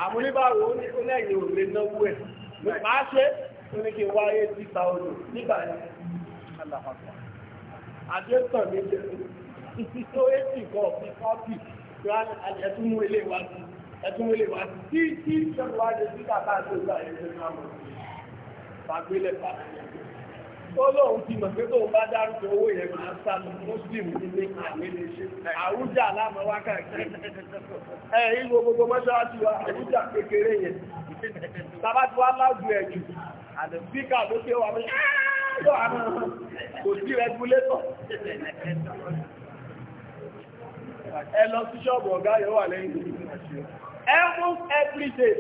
àmú níbàwò ó ní kó lẹ́yìn ò lè náwó ẹ̀ ló bá ṣe ó ní kí n wáyé títa odò nígbà yẹn àti ẹ̀tàn mi jẹ́ tó èsì kan fi kọ́ọ̀tì ẹ̀túnmú ilé wa sí ẹ̀túnmú ilé wa sí tí tí ṣọ́ọ̀tù wáyé títà bá fagbélẹ̀ pa ó lóun ti mọ̀ pé tóun bá dárúkọ owó yẹn máa sá lọ muslim nílé àwélé ṣe àwùjá aláàmọ́ wákàtí ẹ̀ ìlú gbogbo mọ́ṣáláṣí wa àwùjá kékeré yẹn tàbá tí wá láàbù ẹ̀ jù àdẹ̀síkà ló ṣe wà mí lọ àmọ́ kò sí rẹgulétọ̀ ẹ lọ sí ṣọ́ọ̀bù ọ̀gá yóò wà lẹ́yìn every day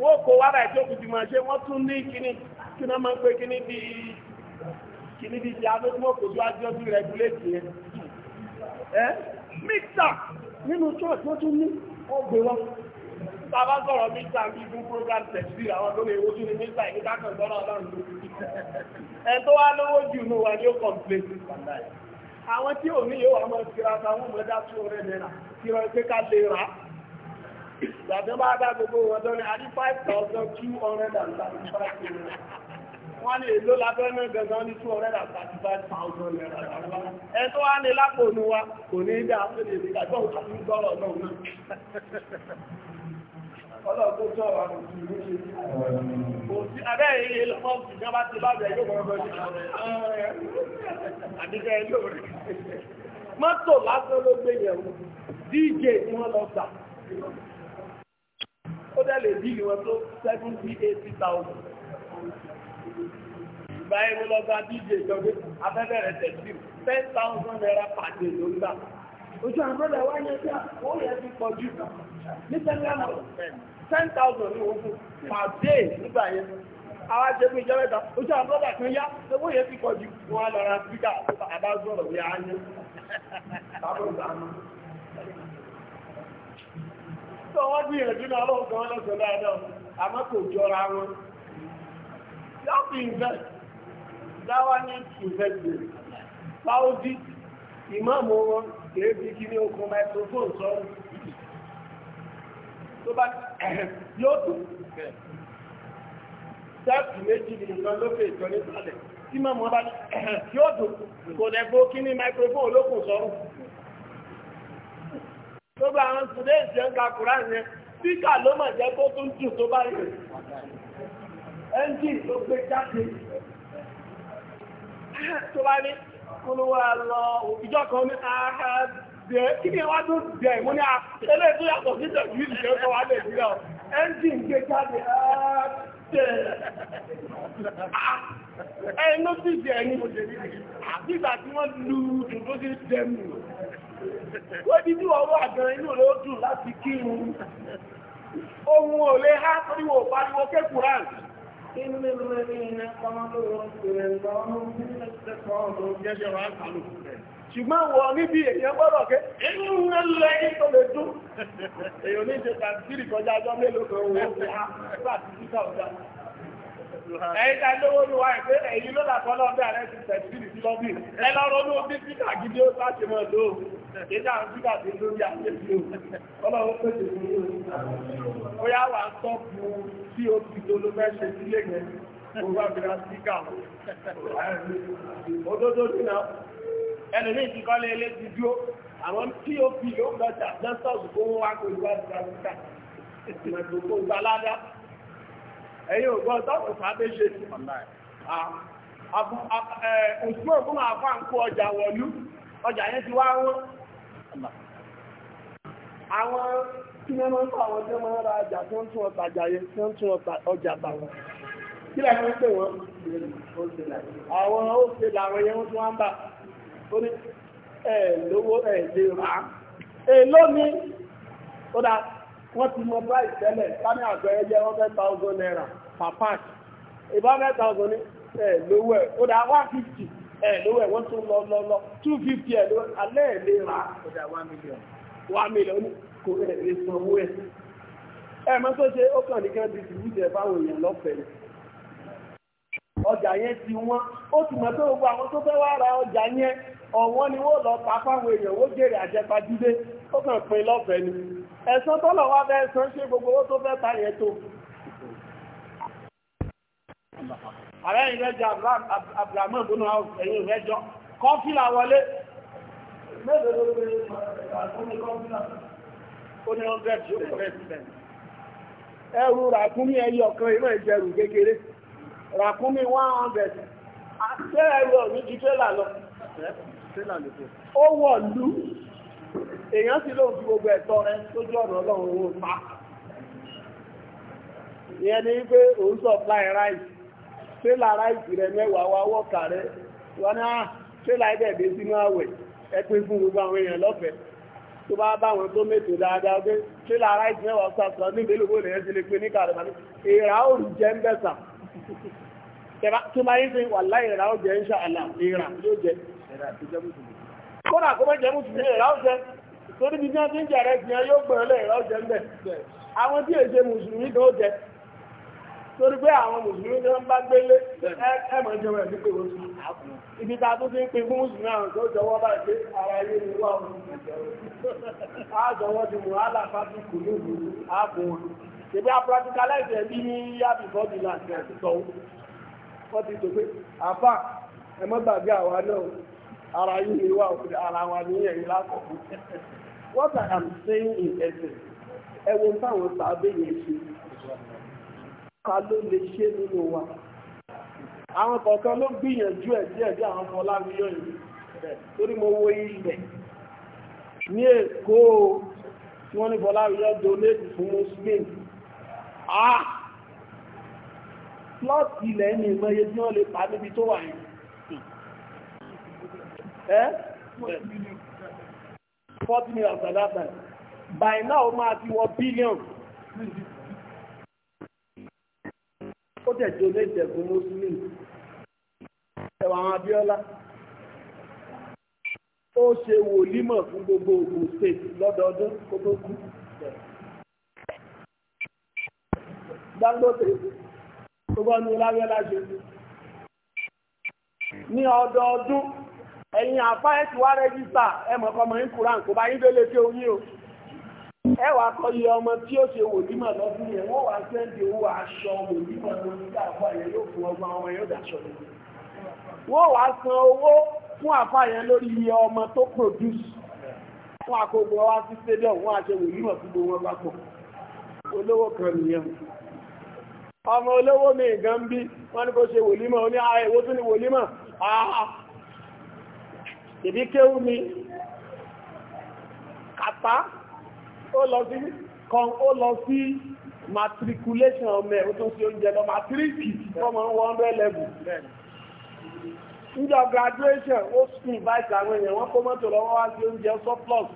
wọ́n kó wá báyìí tó kù ti máa ṣe wọ́n tún ní kíní kí wọ́n máa ń pè kíní bí kíní bí ti adójúmọ́ kò tó adójú rẹ̀gúlétì yẹn. ẹ mítà nínú church wọ́n tún ní wọn. program tẹ̀sí àwọn tó lè wo tún ní mítà yìí ká kàn sọ́nà ọlọ́run ló. ẹ tó wá lówó jù nù wá ní ó complain àwọn tí ò ní yóò wá Ìgbàdán bá dá gbogbo wọn tán ní a ní 5,235. Wọ́n ní èlò lábẹ́ náà gangan ní 235,000 naira. Ẹ tó wá ní lápò ní wa kò ní dá àpẹẹrẹ ìgbàgbọ́ àti gbọ́rọ̀ náà náà. Ọlọ́gbọ́n tó wà ní ìlú ṣe. Abẹ́ ìlú ọ̀gbìn kan bá ti lábẹ́ yóò mọ̀ ọ́gbọ́n. Mọ́tò lásán ló gbé yẹ̀wò. DJ ni wọ́n lọ gbà ó dẹ̀ lè bílì wọn tó seventy eighty thousand. ìgbà ewu lọ bá dj ìjọba afẹ́fẹ́ rẹ̀ tẹ̀sí ten thousand naira pàdé ló ń gbà. ojú àbúrò wa yẹn bí ó yẹ ti pọ̀ jù ní sẹ́ńtẹ́nà ten thousand ní ogun pàdé nígbà yẹn. àwa ṣe fún ìjọba ìta ojú àbúrò kan yá owó yẹn ti pọ̀ jù wọn lọ ra spíkà àbá sọ̀rọ̀ bí a yẹn tó wọ́n gbìyànjú náà lóun kan lọ́sọ̀ dáadáa àmọ́ kò jọra wọn yóò fi invest dáwà ní investment saudi ìmáàmù wọn kìí fi kí ní okun microphone sọ́rọ̀ tó bá yóò tó sẹ́ẹ̀kì méjì ní ìtàn lókè ìtàn nísàlẹ̀ tí mọ̀mọ́ bá yóò tó kò lẹ́gbó kí ní microphone olókùn sọ́rọ̀ tó bá àwọn students ń ka Quran yẹn píkà ló mọ̀ jẹ́ tó tún jù tó bá yẹ ẹ́ńjìn tó gbé jáde tó bá ní kúlúwà lọ ìjọ kan ní àádẹ́ kí ni wá tó jẹ́ ìmú ní àtẹ́lẹ̀ ah, tó yàtọ̀ sí tẹ̀jú ìṣẹ́ tó wà Nàìjíríà ẹ́ńjìn gbé jáde àá ah, ẹ̀yìn ló sì jẹ́ ah, ẹ̀yìn àbígbà tí wọ́n lu dùndó sí dẹ̀mù ó di bí ọwọ́ àgbọn inú rẹ̀ ó dùn láti kírun ohun ò lè há toríwò pariwo kékùrán Inú ìlú ẹni ìrìnà kan ló ṣùgbọ́n wọ níbi èèyàn gbọ́dọ̀ kẹ́ inú ẹlẹ́ ìtò lè dún èèyàn ní ṣe tàbí kọjá ọjọ́ mélòó kan owó wà sí títà ọjà ẹ̀yìn tá lówó ní wáyé pé èyí ló dàpọ̀ lọ́dọ̀ rẹ̀ ti tẹ̀sílì sí lọ́bì ẹ lọ́rọ̀ ní títà gidi ó bá mọ́ lóò ìjà ń títà sí lórí àṣẹ́sí o ọlọ́run pèsè fún yóò ó yá wà ń tọ́ bu tí ó ti tó fẹ́ ṣe sílé yẹn ó bá fi ra síkà òdodo nínú ẹlòmí ti kọ́ lé létí dúró àwọn pop ló ń lọ́jà lọ́sọ̀ọ̀sì kó wọ́n wá pẹ̀lú wá nípa níta ìgbàgbọ́ gbalada ẹ̀yin ògbọ́n tọ́pọ̀ sábẹ́ ṣe sí òṣùwọ̀n ògbọ́n máa fà ń kó ọjà wọ̀lú ọjà yẹn ti wá wọ́n àwọn tí wọ́n máa ń kọ́ àwọn tí wọ́n máa ń ra ọjà tí wọ́n tún ọta ọjà yẹn tí wọ́n tún ọjà tà wọ́n kí lẹ́yìn wọ́n wọ́n ó ṣe làwọn yẹn wọ́n tún wá ń bà ó ní ẹ̀ lówó èló ni ó dá wọ́n ti mọ price tẹ́lẹ̀ sani àgbẹ̀rẹ̀ jẹ́ one hundred thousand naira per ìbá hundred thousand ní ẹ̀ ẹ̀ ó dá one fifty ẹ̀ ẹ̀ wọ́n tún lọ lọ lọ two fifty alẹ́ ẹ̀ lè ó dá one million one million kò ẹ̀ sanwó ẹ̀ ẹ̀ mọ́ tó ṣe ó kàn ọjà yẹn ti wọ́n ó sì mọ̀ tó gbogbo àwọn tó fẹ́ wá ra ọjà yẹn ọ̀wọ́n ni wọ́n lọ ta fáwọn èèyàn ó jèrè àjẹpadídé ó kàn pín lọ́fẹ̀ẹ́ ni ẹ̀san tọ́lọ̀ wá fẹ́ san ṣe gbogbo owó tó fẹ́ ta yẹn tó ààrẹ ìrẹ́jọ abdulhamid bunu house ẹ̀yìn ìrẹ́jọ kọ́fílà wọlé mẹ́lẹ̀ ló gbé àkúnmí kọ́fílà ó ní 100 yóò rẹ̀ ẹrù ràkúnmí ẹyọ kan inú ìjẹrù kékeré ràkúnmí 100 àti ẹrù ọ̀nìjì tẹ́lá lọ O wọ̀ lú èèyàn si lóun fi gbogbo ẹ̀tọ́ rẹ lójú ọ̀nà ọlọ́run owó pa ìyẹn ni pé òun supply rice tẹ́lá right rẹ mẹ́wàá wá wọ́ọ̀kà rẹ wọn ní ah, tẹ́lá ẹ̀dẹ̀ dé sínú àwẹ̀ ẹ fún gbogbo àwọn èèyàn lọ́fẹ̀ẹ́ tó bá bá àwọn tó mẹ́tò dáadáa pé kódà kó mẹ́jẹ mùsùlùmí ẹ̀rá ọ̀sẹ̀ torí bí wọ́n ti ń jẹ̀rẹ̀ ìgbìyàn yóò gbọ̀n lẹ̀ ẹ̀rá ọ̀sẹ̀ ńbẹ̀ àwọn tí èsè mùsùlùmí kan ó jẹ torí pé àwọn mùsùlùmí kan bá gbélé ẹ̀mọ̀ jẹun ẹ̀ nípe oṣù ibi ta tó ti ń pin fún mùsùlùmí àwọn tó jọwọ́ bá gbé ara ilé ni wà wọn àjọwọ́ ti mú aláfáàtì kù ní ìlú ààbò wọn ṣèbí apracticalize ẹbí ní yàbí bọ́dì láti ẹ̀ ara yìí ni wà òkúta ara wa ní ẹ̀rí lákọ̀ọ́kọ́ what I am saying in essence ẹ̀wọ̀n táwọn sábẹ́ yẹn ṣe ká ló lè ṣe nínú wa àwọn kọ̀ọ̀kan ló gbìyànjú ẹ̀ díẹ̀ bí àwọn ọmọ ọlámiyàn yìí torí mo wo ilẹ̀ ní Èkó tí wọ́n ní Fọláwíyọ́ donate fún Muslim ah plot ilẹ̀ ní ìmọ̀ iye tí wọ́n lè pa níbi tó wà yìí ẹ́ eh? forty million at that time by now ó máa ti wọ billion ó tẹ̀ donate ẹ̀kọ́ muslim ẹ̀wọ̀ àwọn Abíọ́lá ó ṣe wòlímọ̀ fún gbogbo Ògùn state lọ́dọọdún kó tó kú Dangote tó bọ́ ní Lábíọ́lá ṣe ní ọdọọdún ẹ̀yìn àfá ẹ̀ ti wá rẹ́gísà ẹmọ̀kọmọ̀ ń kò bá yín lè tí ó o ẹwà kọ iye ọmọ tí ó ṣe wòlímọ̀ lọ́dún yẹn wọ́n wá owó ọmọ dàṣọ san owó fún àfá yẹn lórí iye ọmọ tó produce fún àkókò sí stadium wọ́n gbogbo olówó ọmọ olówó mi gan bí ṣe ìbí kéwú ni kàtá ó lọ sí kan ó lọ sí matriculation ọmọ ẹ̀ ó tó sí oúnjẹ lọ matriki ọmọ ń wọ́n bẹ́ẹ̀ lẹ́bù níjọ graduation ó sùn báyìí àwọn èèyàn wọ́n kó mọ́tò lọ́wọ́ wá sí oúnjẹ surplus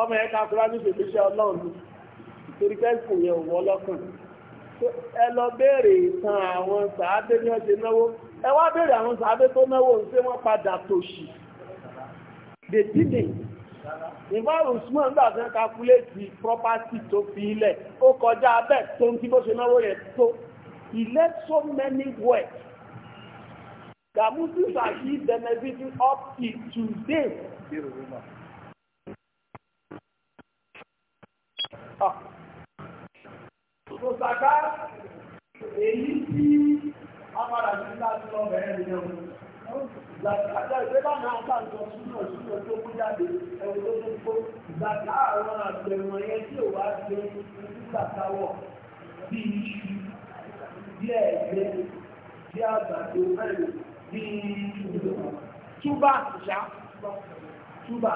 ọmọ ẹ̀ kakura ní ìṣèlúṣẹ́ ọlọ́run torí pé kò yẹ òwò ọlọ́kàn ẹ lọ béèrè ìtàn àwọn sàádé ní ọjọ́ náwó ẹ wá béèrè àwọn sàádé tó náwó ń ṣe wọ́n padà tòṣì they didn't ìfáàrù usman gbà fẹ́ calculate property tó fi ilẹ̀ ó kọjá abẹ́ tó ń tí bó ṣe náwó yẹn tó he left so many words that muslims are still benefiting up till today. Ah. Sọ̀tàkà èyí tí a padà sí láti lọ bẹ̀rẹ̀ nìyẹn. Làtàkà ìgbé lánàá àtàjọ súnà súnà tó kú jáde ẹ̀wọ̀n tó tó kó. Làtà àwọn àgbẹ̀wọ̀n yẹn tí ò wá ṣe nígbà táwọ̀ bí iṣu, bí ẹ̀gbẹ́, bí àgbàdo mẹ́rin, bí ìṣúlò. Túbà ṣá, túbà.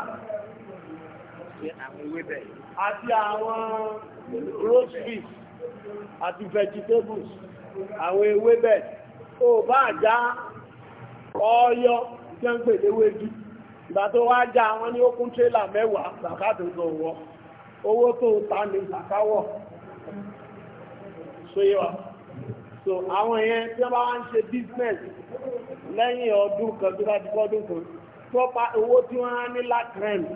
Àti àwọn roast beef àti vegetables, àwọn ewébẹ̀. Ó bá já ọyọ́ tí ó ń pè léwédú ìgbà tó wá já wọn ní ókún tírélà mẹ́wàá sàkátò tó wọ owó tó ta ní sàkáwọ̀ sóyé wa so àwọn yẹn tí wọ́n bá ń ṣe business lẹ́yìn ọdún kan tó bá ti kọ́dún kan tọ́pa owó tí wọ́n á ní latrend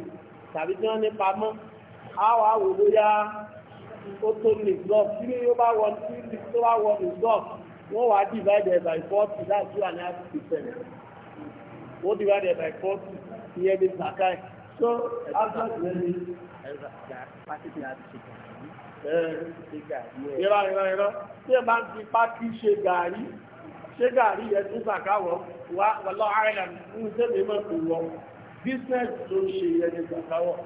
tàbí tí wọ́n ní pamọ́ á wà wò lóyá ó tó nìgbọ́ kí ni ó bá wọ nìgbọ́ wọ́n wá divide by forty that's two and a half percent wọ́n divide by forty ìyẹn ní zakai so after the eh, lady. Ìrọ̀ ìrọ̀ ìrọ̀ tí ẹ bá ń fi pákí ṣe gàárì ṣé gàrí yẹn tún sàkáwọ̀ wá wọlọ́ àìlà ń tẹ́lẹ̀ mọ́ tó wọ business tó ṣe yẹn ní sàkáwọ̀.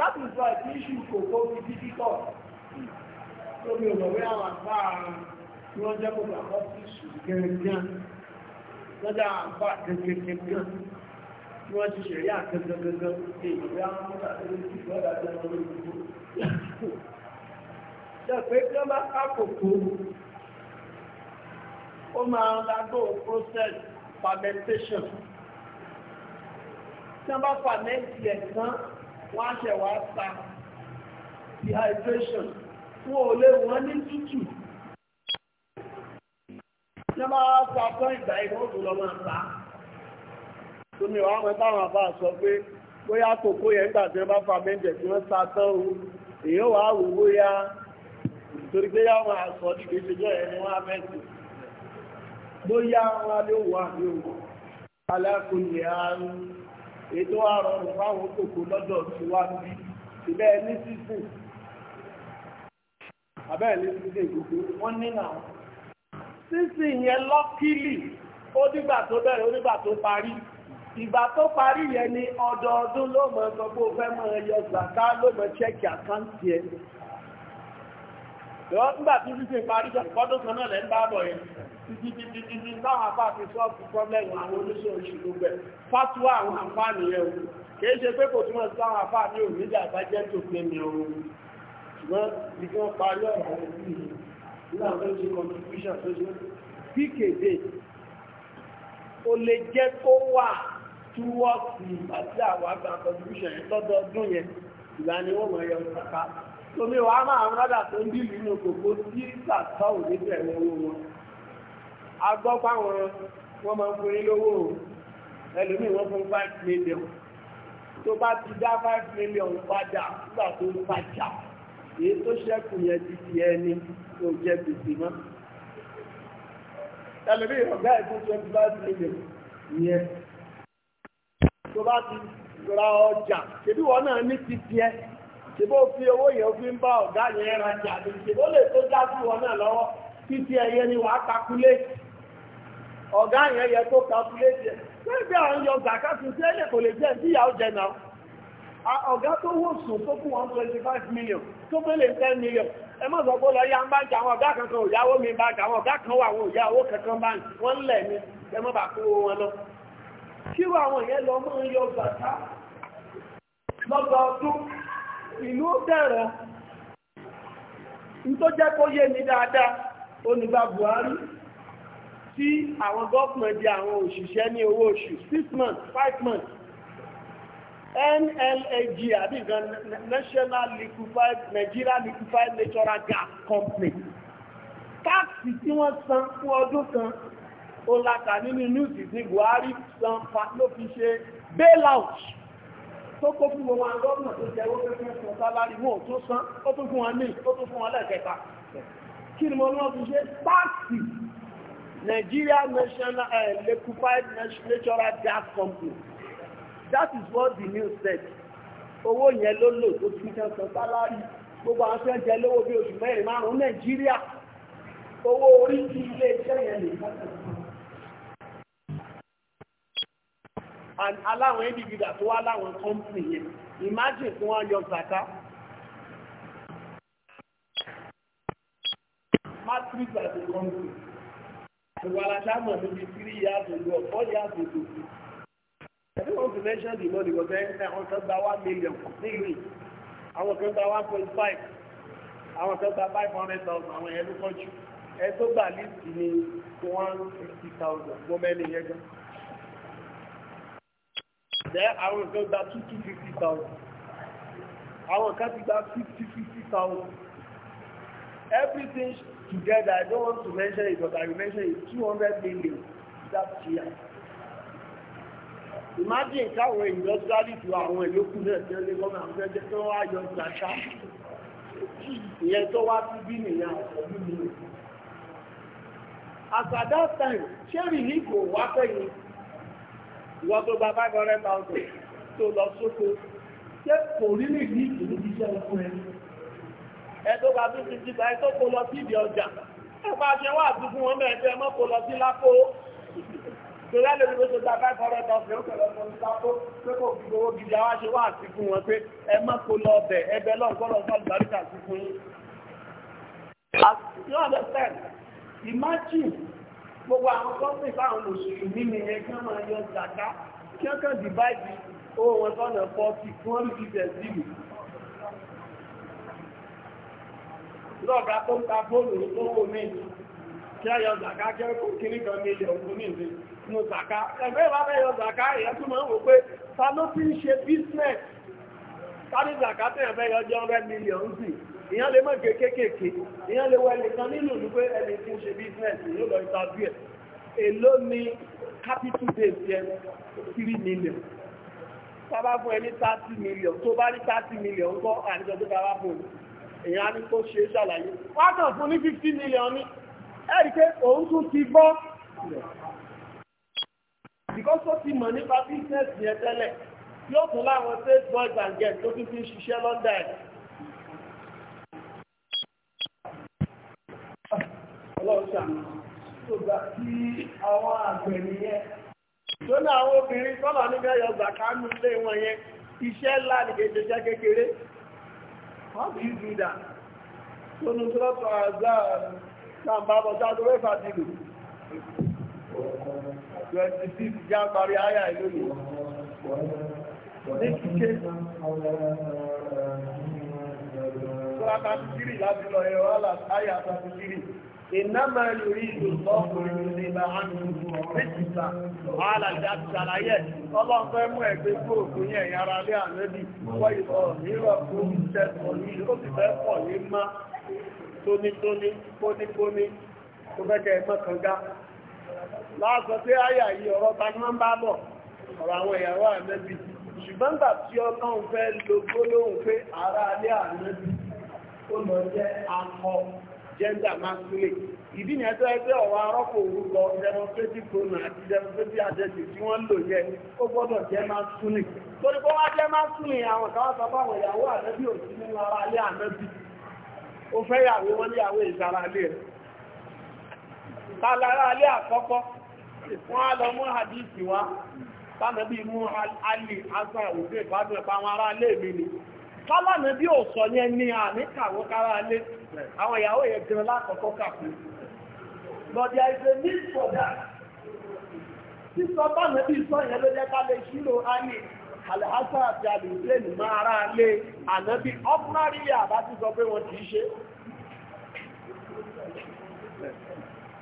that is why the issue kò kó fi difficult. lórí ọ̀rọ̀ wí tí wọ́n jẹ́ gbogbo àwọn ọ́fíìsì gẹ̀ẹ́gẹ́ lọ́dá àpá gẹ̀gẹ̀gẹ̀ tí wọ́n ti ṣẹ̀rí àgẹ́gẹ́gẹ́ èyí àwọn mọ́ta lórí ìgbọ́dá jẹ́ lórí ìgbó jẹ́ pé tí wọ́n bá kákòókò ó máa ń dágbó process fermentation tí bá fermenti ẹ̀ wọ́n á sa dehydration fún òlé wọn ní tútù ní máa sá tán ìgbà ìgbà ó lọ máa sá táwọn àbá sọ pé bóyá kòkó yẹn gbà wọ́n bá fa méjì tí wọ́n sá tán o èèyàn wàá wò yá torí pé yá wọn àsọ ní ṣe yẹn ni wọ́n á mẹsì wọn ètò fáwọn lọ́dọ̀ tí bí ní sísìn sísìn yẹn lọ́kìlì ó dìgbà tó bẹ̀rẹ̀ ó dìgbà tó parí ìgbà tó parí yẹn ni ọdọọdún ló mọ̀ sọ pé ó fẹ́ mọ̀ ẹyọ zàká ló mọ̀ ṣẹ́kì àkáǹtì ẹ̀ lọ nígbà tí sísìn parí ọdún kan náà lẹ́ ń bá bọ̀ yẹn títí títí títí táwọn afá fi sọ́ọ̀bù pọ́blẹ́mù àwọn oníṣòwò ìṣègùn bẹ̀ fátúwà àwọn àǹfààní yẹn o kìí ṣe pé kò túnmọ̀ sí àwọn afá ní òmìnira àbájẹ́ tó pé mi ọ̀run ṣùgbọ́n ibi parí ọ̀rọ̀ àwọn òbí yìí láàrín tó ṣe contribution tó o lè jẹ́ kó wà túwọ́sì àti àwọn àgbà contribution yẹn lọ́dọọdún yẹn ìgbà ni wọ́n mọ̀ ẹyọ ìsàká tómi wàá máa ń rádà tó ń dìlú inú kòkó tí sàtọ́ ò ní bẹ̀rẹ̀ owó wọn a gbọ́ fáwọn wọ́n máa ń fún yín lówó ẹlòmíì wọ́n fún five million tó bá ti dá five million padà nígbà tó ń padà èyí tó ṣẹ́kù yẹn ti fi ẹni tó jẹ́ gbèsè mọ́. ẹlòmíì ọ̀gá ẹ̀ tó twenty five million yẹn tó bá ti ra ọjà ṣèbí wọn náà ní ti tiẹ̀ ṣèbó fi owó yẹn fi ń bá ọ̀gá yẹn rajà ní ṣèbó lè tó já sí wọn náà lọ́wọ́ títí ẹyẹ ni wàá kakuléètì ọ̀gá yẹn yẹ tó àwọn yọ kò lè jẹ́ jẹ náà ọ̀gá tó sùn tó kún tó fẹ́lẹ̀ ten million ẹ mọ́ sọ bọ́lọ ya ń bá jà àwọn ọ̀gá kankan òyàwó mi bá jà àwọn ọ̀gá kan wà àwọn òyàwó kankan bá wọ́n lẹ̀ ní ẹ mọ́ bà kó wọn lọ kíwọ́ àwọn ìyẹn lọ mọ́ ń yọ bàtà lọ́dọọdún ìlú bẹ̀rẹ̀ tó jẹ́ kó yé mi dáadáa onígbà Buhari tí àwọn gọ́ọ̀mọ̀ NLNG àbí nǹkan National Liquefied Nigeria Liquefied Natural Gas Company táàkì tí wọ́n san fún ọdún kan ó láta nínú news ní Buhari san ló fi ṣe bailout tó kó fún gbogbo àwọn gómìnà tó jẹ owó pẹ́pẹ́ fún sálárì wọn ò tó san ó tún fún wọn ní ó tún fún wọn lẹ́ẹ̀kẹta kí ni mo ní wọ́n fi ṣe táàkì Nigeria National eh, Liquefied Natural Gas Company that is what the news said owó yẹn ló lò tó fi jẹ́ sọ sálárì gbogbo àwọn tí wọ́n jẹ lówó bí oṣù mẹ́rin márùn-ún nàìjíríà owó orí ti ilé iṣẹ́ yẹn lè and aláwọn individual tó wá láwọn company yẹn imagine tí wọ́n yọ zaka matrix as a company ìwàlàdàmọ̀ níbi three years ago four years ago I don't want to mention the money because ẹ̀ẹ́dẹ́ àwọn kan gba one million nílùú yìí àwọn kan gba one point five àwọn kan gba five hundred thousand àwọn ẹ̀ẹ́dú kọ́jú ẹ̀ tó gbà líìsì ní one fifty thousand gómẹ́lì yẹn gan. Ǹjẹ́ àwọn kan gba two two fifty thousand àwọn kan ti gba fifty fifty thousand everything together I don't want to mention it but I will mention it two hundred million that year imagine káwọn industrialist wa àwọn ìyókù náà tí ó lé gọ́mà àfẹ́jẹ́ tó wá yọ ìgbàṣá ìyẹn tó wá sí bí nìyà ọ̀pọ̀lú mi as at that time ṣẹ́rì ní kò wá pẹ̀yìn ìwọ́n tó gba five hundred thousand tó lọ sóko ṣé kò rí lè ní ìdílé iṣẹ́ ọkọ ẹ ẹ tó gba two fifty five tó kó lọ sí ìdí ọjà ẹ bá ṣe wá àdúgbò wọn bẹ́ẹ̀ tẹ́ ẹ mọ́ kó lọ sí lápò torí ẹlòmí ló ṣe gba five hundred thousand ó kẹlẹ ọmọ nípa tó pé kò fi owó gidi àwọn aṣèwọ́ àti fún wọn pé ẹ má kó lọ ọbẹ̀ ẹbẹ̀ lọ́nkọ́lọ́ sálùbáríkà sí fún yín. you understand imagine gbogbo àwọn gọ́ọ̀mì fáwọn mùsùlùmí nìyẹn kí wọ́n máa yọ zàká kí wọ́n kàn dìbáìdì owó wọn sọ́nà fọ́ọ̀tì kí wọ́n fi bẹ̀ sílù. lọ́ọ̀gá tó ń ta fóònù lówó mi kí wọ́n yọ zàká kí wọ́n kó kíní kan ní ilẹ̀ òkú ní ìlú nu zaka ẹgbẹ́ ìwà bẹ́ẹ̀ yọ zaka èèyàn tún máa ń wò pé ta ló fi business ta ní zaka tẹ̀yàn fẹ́ yọ jẹ́ ọ̀rẹ́ mílíọ̀nù sí ìyẹn lè mọ̀ kéékèèké ìyẹn lè wọ ẹnìkan nínú ìlú pé ẹni tí ń ṣe business yóò lọ ìtàbí ẹ̀ èló ni capital base jẹ́ three million bàbá fún ẹni thirty million tó bá ní thirty million ń kọ́ àníjọ tó bàbá fún èèyàn á ní kó ṣe é ṣàlàyé wọ́n kàn fún ní fifty million ní ẹ̀rí òun tún ti bọ́ because ó ti mọ̀ nípa business yẹn tẹ́lẹ̀ yóò tún láwọn state boys and girls tó tún fi ń ṣiṣẹ́ lọ́ndà ẹ̀. ọlọ́run ṣàmì tó gbà sí àwọn àgbẹ̀ nìyẹn tó ní àwọn obìnrin sọ́lọ̀ níbẹ̀ yọ gbà kánú lé wọn yẹn iṣẹ́ ńlá nìkejì jẹ́ kékeré how do you do that? tó ní sọ́tọ̀ àgbà náà bá bọ̀ sáà tó fẹ́ fàdìlù. 26 já parí ayà ìlónìí ní kíké sọ́lá 33 láti lọ ẹ̀rọ ayà 33 ìnáma lórí ìlọ́kùnrin ní ìlà àmìlú méjìlá alàjá ti ṣàlàyé ọlọ́pẹ́ mú ẹgbẹ́ gbòòkú yẹn yára lé àmẹ́bí wọ́n ìfọ̀ nírọ̀ fún ìṣẹ́kọ̀ọ́ ní ó sì fẹ́ pọ̀ ní má tónítóní kóníkóní láàsọ pé àyà yìí ọ̀rọ̀ ta ni wọ́n bá bọ̀ ọ̀rọ̀ àwọn ìyàwó ànábì ṣùgbọ́n gbà tí ọlọ́run fẹ́ lo gbólóhùn pé ará alẹ́ ànábì ó lọ jẹ́ akọ jẹ́ndà masculé ìdí ni ẹjọ́ ẹgbẹ́ ọ̀rọ̀ arọ́pò orúkọ demonstrative pronoun àti demonstrative adjective tí wọ́n ń lò yẹ ó gbọ́dọ̀ jẹ́ masculé torí pé wọ́n jẹ́ masculé àwọn kan sọ fún àwọn ìyàwó ànábì òsì nínú ará alẹ́ ànábì ó fẹ́ yàwó wọn ní ìyàwó rẹ̀ tálára alẹ́ àkọ́kọ́ wọ́n á lọ wá tánàbí mú alì asan òde ìbádùn ẹ̀pá àwọn ará alẹ́ mi ni tálànà bí ò sọ yẹn ní àníkàwọ́ kára alẹ́ àwọn ìyàwó yẹn gan lákọ̀ọ́kọ́ kàkú but there is a need for that sísọ tánàbí sọ yẹn ló jẹ́ ká lè ṣírò alì alhassan àti alìsẹ́nì máa ará alẹ́ ànábí ọ́pùnárì àbá ti sọ pé wọ́n ti ṣe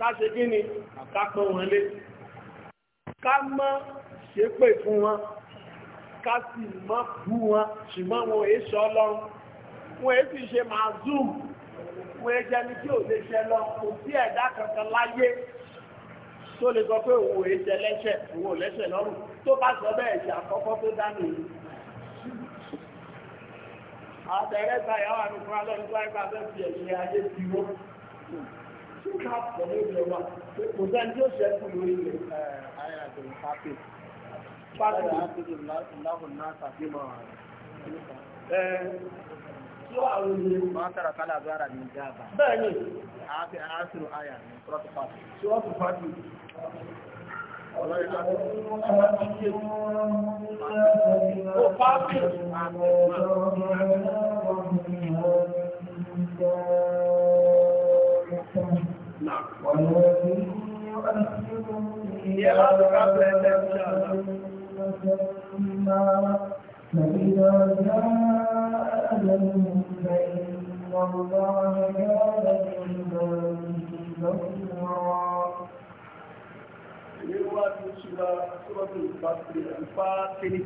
káṣe kí ni àkápọ̀ wọn lé ká mọ́ ṣépè fún wọn ká sì mọ́ bú wọn ṣùgbọ́n wọn èé ṣe ọlọ́run wọn èé sì ṣe máa zoom wọn èé jẹni tí ò lè ṣe lọ kò sí ẹ̀dá kankan láyé tó lè sọ pé òun èé jẹ lẹ́ṣẹ̀ òun ò lẹ́ṣẹ̀ lọ́rùn tó bá sọ bẹ́ẹ̀ ṣe àkọ́kọ́ tó dá nìyí àtẹ̀rẹ́ta ìyáwó àmì fún alẹ́ nípa ẹgbẹ́ abẹ́ fi ẹ̀ṣẹ̀ ayé ti wọ́n. ṣúgà pọ̀ lórí ọba kò sẹ́ni tí ó ṣẹ́kù lórí ayàtọ̀ pápẹ́ pápẹ́ àtúntò láàbùn náà tàbí mọ́ tí ó àwọn ilé máa tara kálá gbára ní ìjábà bẹ́ẹ̀ni àti àásìrò àyà ní ولكن يؤخرهم فإذا جاء أجلهم فإن الله كان بعباده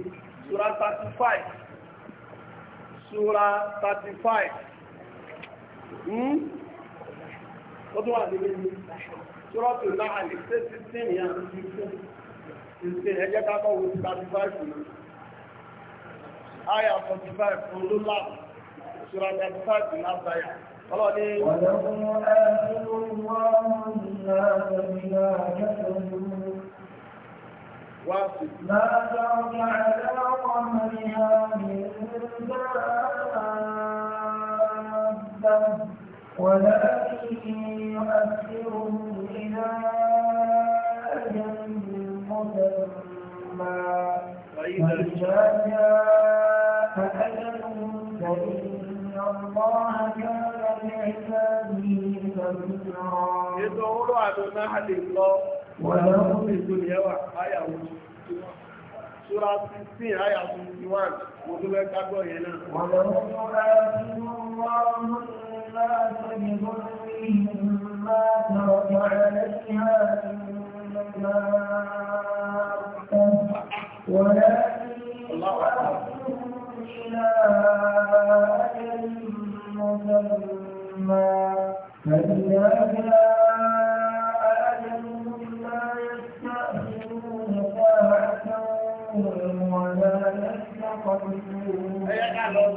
Surah 35. Surah 35. Hmm? tó wà nílé ní ṣúrọ́tù náà lè ṣe sísìn ní àwọn ìsìn ẹjẹ́ kápọ̀ wo ti 35 ní àyà 45 fún ló láàbù ṣúra 35 ní àbáyà ọlọ́ni واصل ما ترجع على قمرها من دابة ولكن يؤخرهم إلى أجل مسمى فإذا جاء أجلهم فإن الله كان لعباده خبيرا يدعو له نحل الله ولهم في الدنيا وحياة Súra 16, àyà 21, mo tó mẹ́ta gbọ́ yẹn náà. Wọ́n الناس بظلمهم ما ترك عليها من ماء ولكن إلى أجل مسمى فإذا جاء أجلهم لا يستأخرون ساعة ولا يستقدمون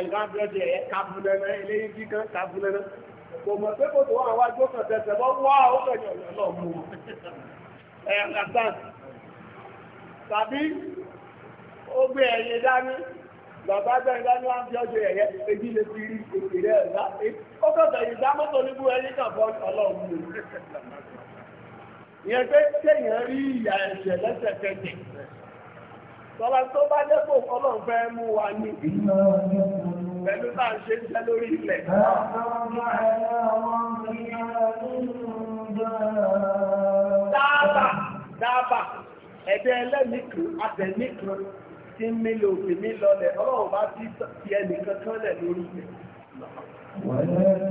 ẹ̀gbá bíọ́dì ẹ̀ kábùlẹ̀nà eléyìí bí kan kábùlẹ̀nà kò mọ̀ pé kò tó wà wá jó kan tẹ̀sẹ̀ bọ́ wá ó kẹ̀yìn ọ̀nà náà mú wọn. ẹ̀ understand tàbí ó gbé ẹ̀yẹ dání bàbá bẹ́ẹ̀ dání wá ń bíọ́dì ẹ̀yẹ ebi lè fi rí òkè rẹ̀ ẹ̀dá ó kọ̀tọ̀ ìdá mọ́tò níbú ẹni kan bọ́ ọlọ́run mú ìyẹn pé kéèyàn rí ìyà ẹ̀ṣẹ̀ lẹ́sẹ̀kẹsẹ̀ Sọlá tó bá jẹ́ kó ọlọ́run fẹ́ pẹ̀lú bá ń ṣe ń jẹ́ lórí ilẹ̀. Dáàbà, dáàbà, ẹ̀dẹ́ ẹlẹ́nìkú, àtẹ̀nìkú tí ń mílò òfin mi lọlẹ̀, ọlọ́run bá ti fi ẹnìkan kan lẹ̀ lórí ilẹ̀. Ó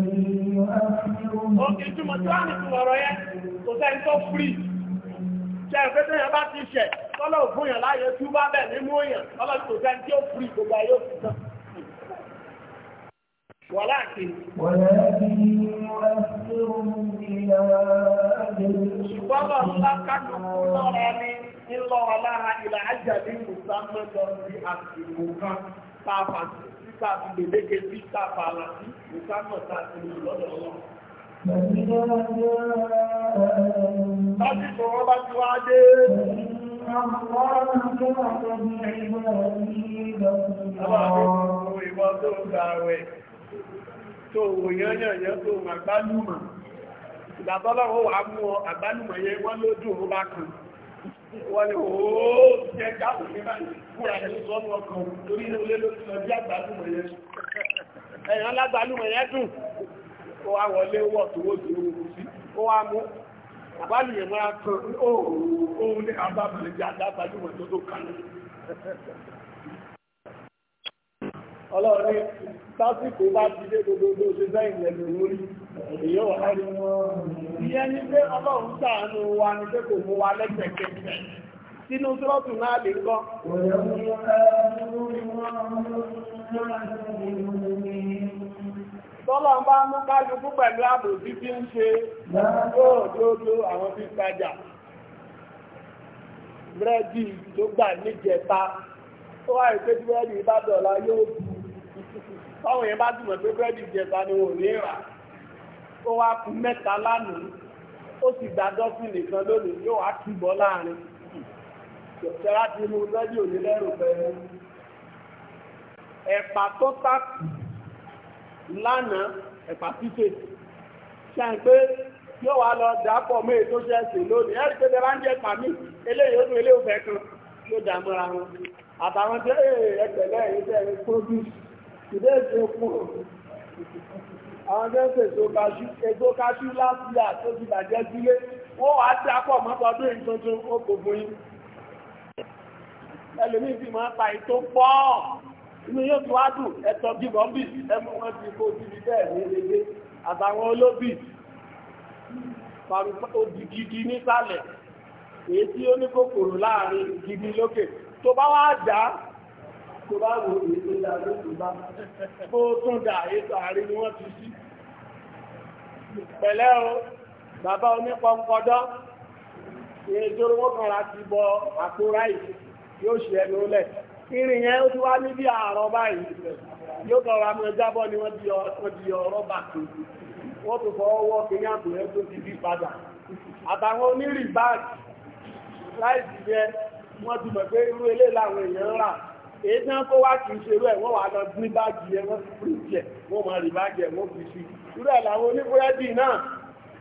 kì í túmọ̀ tí wọ́n ní ìtumọ̀ ọ̀rọ̀ yẹn, kò sẹ́ni tó fúrì ṣe ẹ̀fẹ́ tó yẹn bá ti ṣẹ̀ tọ́lọ̀ fún yàn láyé tí ó bá bẹ̀ ní mú yàn tọ́lọ̀ tó sẹ́ni tí ó fúrì gbogbo ayé òfin ولكن ولكن يؤخرهم إلى أجل Ilọ́ aláha ilẹ̀ ajáde ìmùsámẹ́lọ ní àsìkò kan tààfà sí tààfà gbèdéke sí tààfà àlàtí ìmùsámẹ́ tààfà lọ́dọ̀ ọlọ́run. Láti sọ wọ́n bá ti wá dé. Àwọn ọmọ ìwọ́n tó gbà rẹ̀. tó wò yányànyán tó wọn àgbálùmọ̀ ìgbàtọ́lọ́wọ́ wà ọ àgbálùmọ̀ yẹn wọ́n lójú ó bá kan wọ́n ni oó jẹ́ káàkùn ní báyìí fúra ní sọ́nù ọkàn torí ilé ló lọ bí àgbálùmọ̀ yẹn ọlọ́run ní tásìkò bá ti dé gbogbo ṣe sẹ́yìn lẹ́nu lórí èyí wà láti ìyẹn ní pé ọlọ́run ṣàánú wa ní pé kò mú wa lẹ́sẹ̀kẹsẹ̀ sínú sọ́ọ̀tù náà lè kọ́ tọ́lọ̀ bá mú kálukú pẹ̀lú ààbò títí ń ṣe lóòdóòdó àwọn tí tajà búrẹ́dì tó gbà níjẹta ó wà ìpé búrẹ́dì ìbádọ̀lá yóò bú báwọn yẹn bá dùnmọ̀ pé búrẹ́dì jẹta ni wọ́n ní rà ó wá kú mẹ́ta lánàá ó sì gba dọ́fìn nìkan lónìí yóò wá túbọ̀ láàrin ṣẹlá ti mú búrẹ́dì òní lẹ́rù pẹ̀lú ẹ̀pà tó tàkù lánàá ẹ̀pà títè ṣe ń pé yóò wá lọ dàpọ̀ mé tó ṣẹ̀ṣẹ̀ lónìí ẹ̀rí pé tẹ́lá ń jẹ́ ẹ̀pà mí eléyìí ó dùn eléyìí ó fẹ́ kan ló dàmọ́ra wọn àtàwọn tẹ́lẹ̀ ẹ̀pẹ̀lẹ̀ ẹ̀yìn today is April àwọn tó ń fèsò kaṣú ètò kaṣú láti yà tó ti bàjẹ́ sílé a pọ̀ mọ́tọ́ tó ń tuntun ó kò fún yín ẹlòmíì fi máa pa ètò pọ̀ inú yóò tún wá dùn ẹ̀tọ́ gígbọ́ bì ẹmú wọn ti kó síbi bẹ́ẹ̀ ní elege àtàwọn olóbì òdì gidi nísàlẹ̀ èyí tí ó ní kòkòrò láàrin gidi lókè tó bá wá dá tó bá wo èyí tó dá ló tó bá bó tún dà èyí tó àárín ni wọ́n ti sí pẹ̀lẹ́ o bàbá onípọ̀npọ̀dọ́ ìyẹn ìjọba wọn kan láti bọ àpò ráì yóò ṣe ẹnu lẹ̀ irin yẹn ó ti wá níbi àárọ̀ báyìí yóò kọ̀ ra mọ̀ jábọ́ ni wọ́n di ọ̀rọ̀ bà tó wọ́n tó fọ́ ọwọ́ kìíní àpò yẹn tó ti bí padà àtàwọn onírìbáàgì láìsí yẹn wọ́n ti mọ̀ pé irú eléyìí làwọn èèyàn rà èyí tí wọ́n kó wá kì í ṣe rú ẹ̀ wọ́n wà lọ gbé báàgì ẹ̀ wọ́n fi jẹ̀ wọ́n máa rí báàgì ẹ̀ wọ́n fi sí irú ẹ̀ làwọn oníbúrẹ́dì náà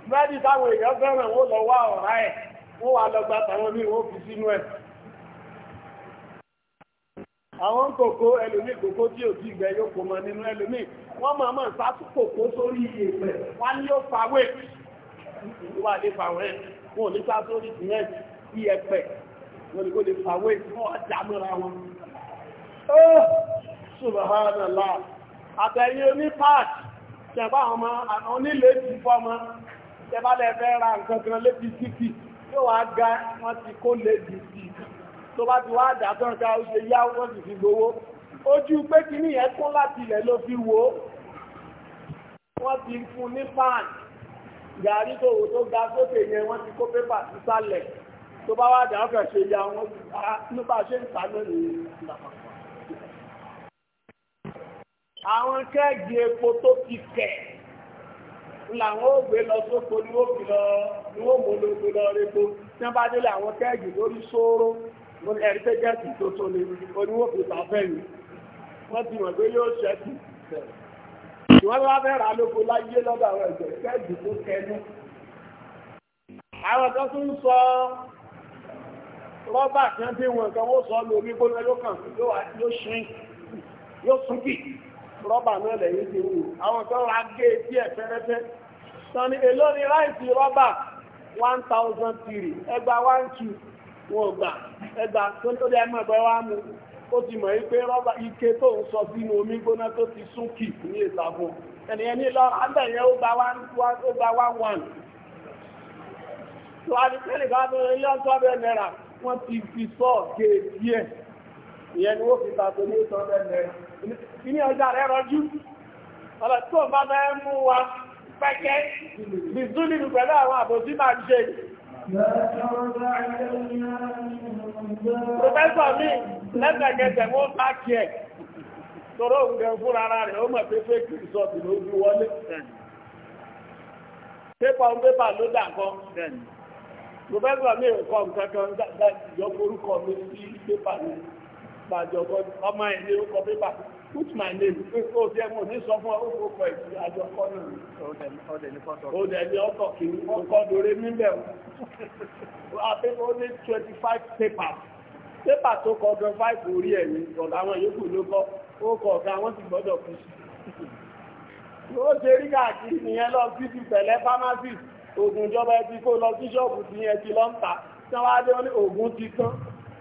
búrẹ́dì táwọn èèyàn fẹ́ràn wọ́n lọ wá ọ̀rá ẹ̀ wọ́n wà lọ gba tàwọn míì wọ́n fi sínú ẹ̀. àwọn kòkó ẹlòmíì kòkó tí ò ti gbẹ yóò kó mọ nínú ẹlòmíì wọ́n máa máa sátú kòkó sórí ìyèpẹ̀ wọ́n ní ó fawé wọ́n àdé fàwẹ́ wọn ò ní sá sórí ìyẹn ìyẹpẹ̀ wọn ni kò lè fàwé wọn á dàmúra wọn oh subhanallah àtẹ̀yìn oní páàkì tẹ̀bá ọmọ onílé ti fọ́mọ tẹ̀bá lẹ́fẹ́ ra nǹkan kan lébi títì yóò wá ga wọ́n ti kó lébi sí tó bá ti wá dàtọ́ ká ó ṣe yá wọ́n sì fi gbowó ojú pé kí ní yẹn kún láti ilẹ̀ ló fi wò ó wọ́n ti fún ní páàkì gàrí tó wò tó ga sókè yẹn wọ́n ti kó pépà sísàlẹ̀ tó bá wá dàtọ́ ṣe yá wọ́n ah, nípa ṣe ń ta lónìí ìgbàpọ̀ àwọn kẹ́ẹ̀gì epo tó ti kẹ̀ làwọn ó gbé lọ sóko ni wọ́n fi lọ ni wọ́n mú lóògbé lọ répo tí wọ́n bá délé àwọn kẹ́ẹ̀gì lórí sóró ẹ̀rí pé gẹ́ẹ̀sì tó tó ni oníwọ́n fi tà fẹ́yìn wọ́n ti mọ̀ pé yóò ṣẹ́kù ìwọ́n bá fẹ́ rà lóko láyé lọ́dọ̀ àwọn ẹ̀jẹ̀ kẹ́ẹ̀gì tó kẹnu. àwọn kan tún sọ rọ́bà kan tí wọn kan ó sọ lórí gbóná yóò kàn yóò sún kì rọ́bà náà lẹ́yìn ti wù àwọn kan wá gé etí ẹ̀ fẹ́rẹ́fẹ́ tán ni èló ni ráìsì rọ́bà one thousand three ẹgbàá one two wọn gbà ẹgbàá tó ń tó dé ẹmọ ẹgbẹ́ wa mú ó ti mọ̀ wípé rọ́bà ike tó ń sọ sínú omi gbóná tó ti sún kì ní ìsàfún ẹnìyẹn ní lọ abẹ́yẹn ó one ó gba one one tó a ní pẹ́ẹ́lí ká tó ilé ọ̀tọ́ bẹ́ẹ̀ náírà wọ́n ti fi sọ́ọ̀ gé díẹ̀ ìyẹn ni wọ́n fi ta tó ọ̀tọ́ bẹ́ẹ̀ náírà ní ọjà rẹ̀ rọjú ọ̀lọ̀ tí ó bá bẹ́ mú wa pẹ́kẹ́ bìzú nínú pẹ̀lú àwọn àbòsí máa ṣe Prọfẹ́sọ̀ mi lẹ́sẹ̀kẹsẹ̀ mú pàkì ẹ̀ tọrọ òǹgẹ fún ara rẹ̀ ó mọ̀ pé fẹ́kì ìsọ̀tì ló bí wọlé. Pépà ń pépà ló dà kan. Prọfẹ́sọ̀ mi ò kọ nǹkan kan yọ àjọkọ ọmọ ẹ̀ ní orúkọ pépà put my name pé kó o jẹ́ mọ̀ ní sọ fún orúkọ pọ̀ ìtì àjọkọ náà. ọdẹ ní kọ́tọ̀ ọdẹ ní ọkọ̀ kì í ọkọ̀ lórí níbẹ̀ o àti ó ní twenty five papers pépà tó kọ ọdún five orí ẹ̀ ní ọ̀dọ̀ àwọn yòókù ló kọ́ ó kọ ọ̀gá àwọn sì gbọ́dọ̀ kú sí. ó ṣe rí káàkiri nìyẹn lọ sí ti pẹ̀lẹ́ pharmacy oògùn ìjọba ẹ ti kó lọ sí ṣọ́ọ̀bù ti yẹn ti lọ́ńtà tí wọ́n wá dé wọn ní oògùn ti tán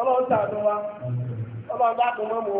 ọlọ́run tààdùn wa ọlọ́run dákùn mọ́mù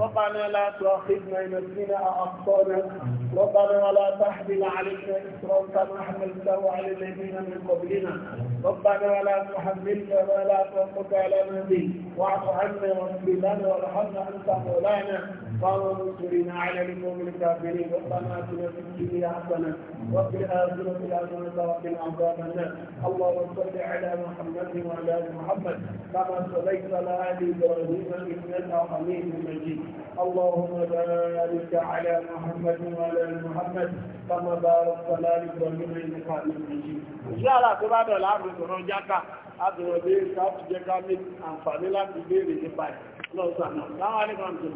ربنا لا تؤاخذنا إن نسينا أو أخطأنا ربنا ولا تحمل علينا إسرا كما حملته على الذين من قبلنا ربنا ولا تحملنا ما لا طاقة على نبي واعف عنا واغفر لنا وارحمنا أنت مولانا وانصرنا على القوم الكافرين ربنا آتنا في الدنيا حسنة وفي الآخرة حسنة وقنا عذاب النار اللهم صل على محمد وعلى آل محمد كما صليت على آل إبراهيم إنك حميد مجيد اللهم بارك على محمد وعلى ال محمد كما باركت على ابراهيم انك حميد مجيد ان شاء الله tó bá dọ̀la àbò sọ̀rọ̀ jáka àbẹ̀wò dé káàpù jẹ́ ká ní àǹfààní láti béèrè nípa ẹ̀ lọ́sàn náà láwọn àríkàn tó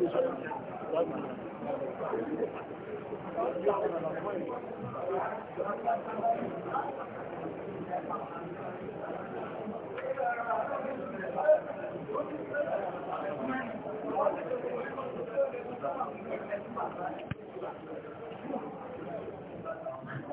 Thank you.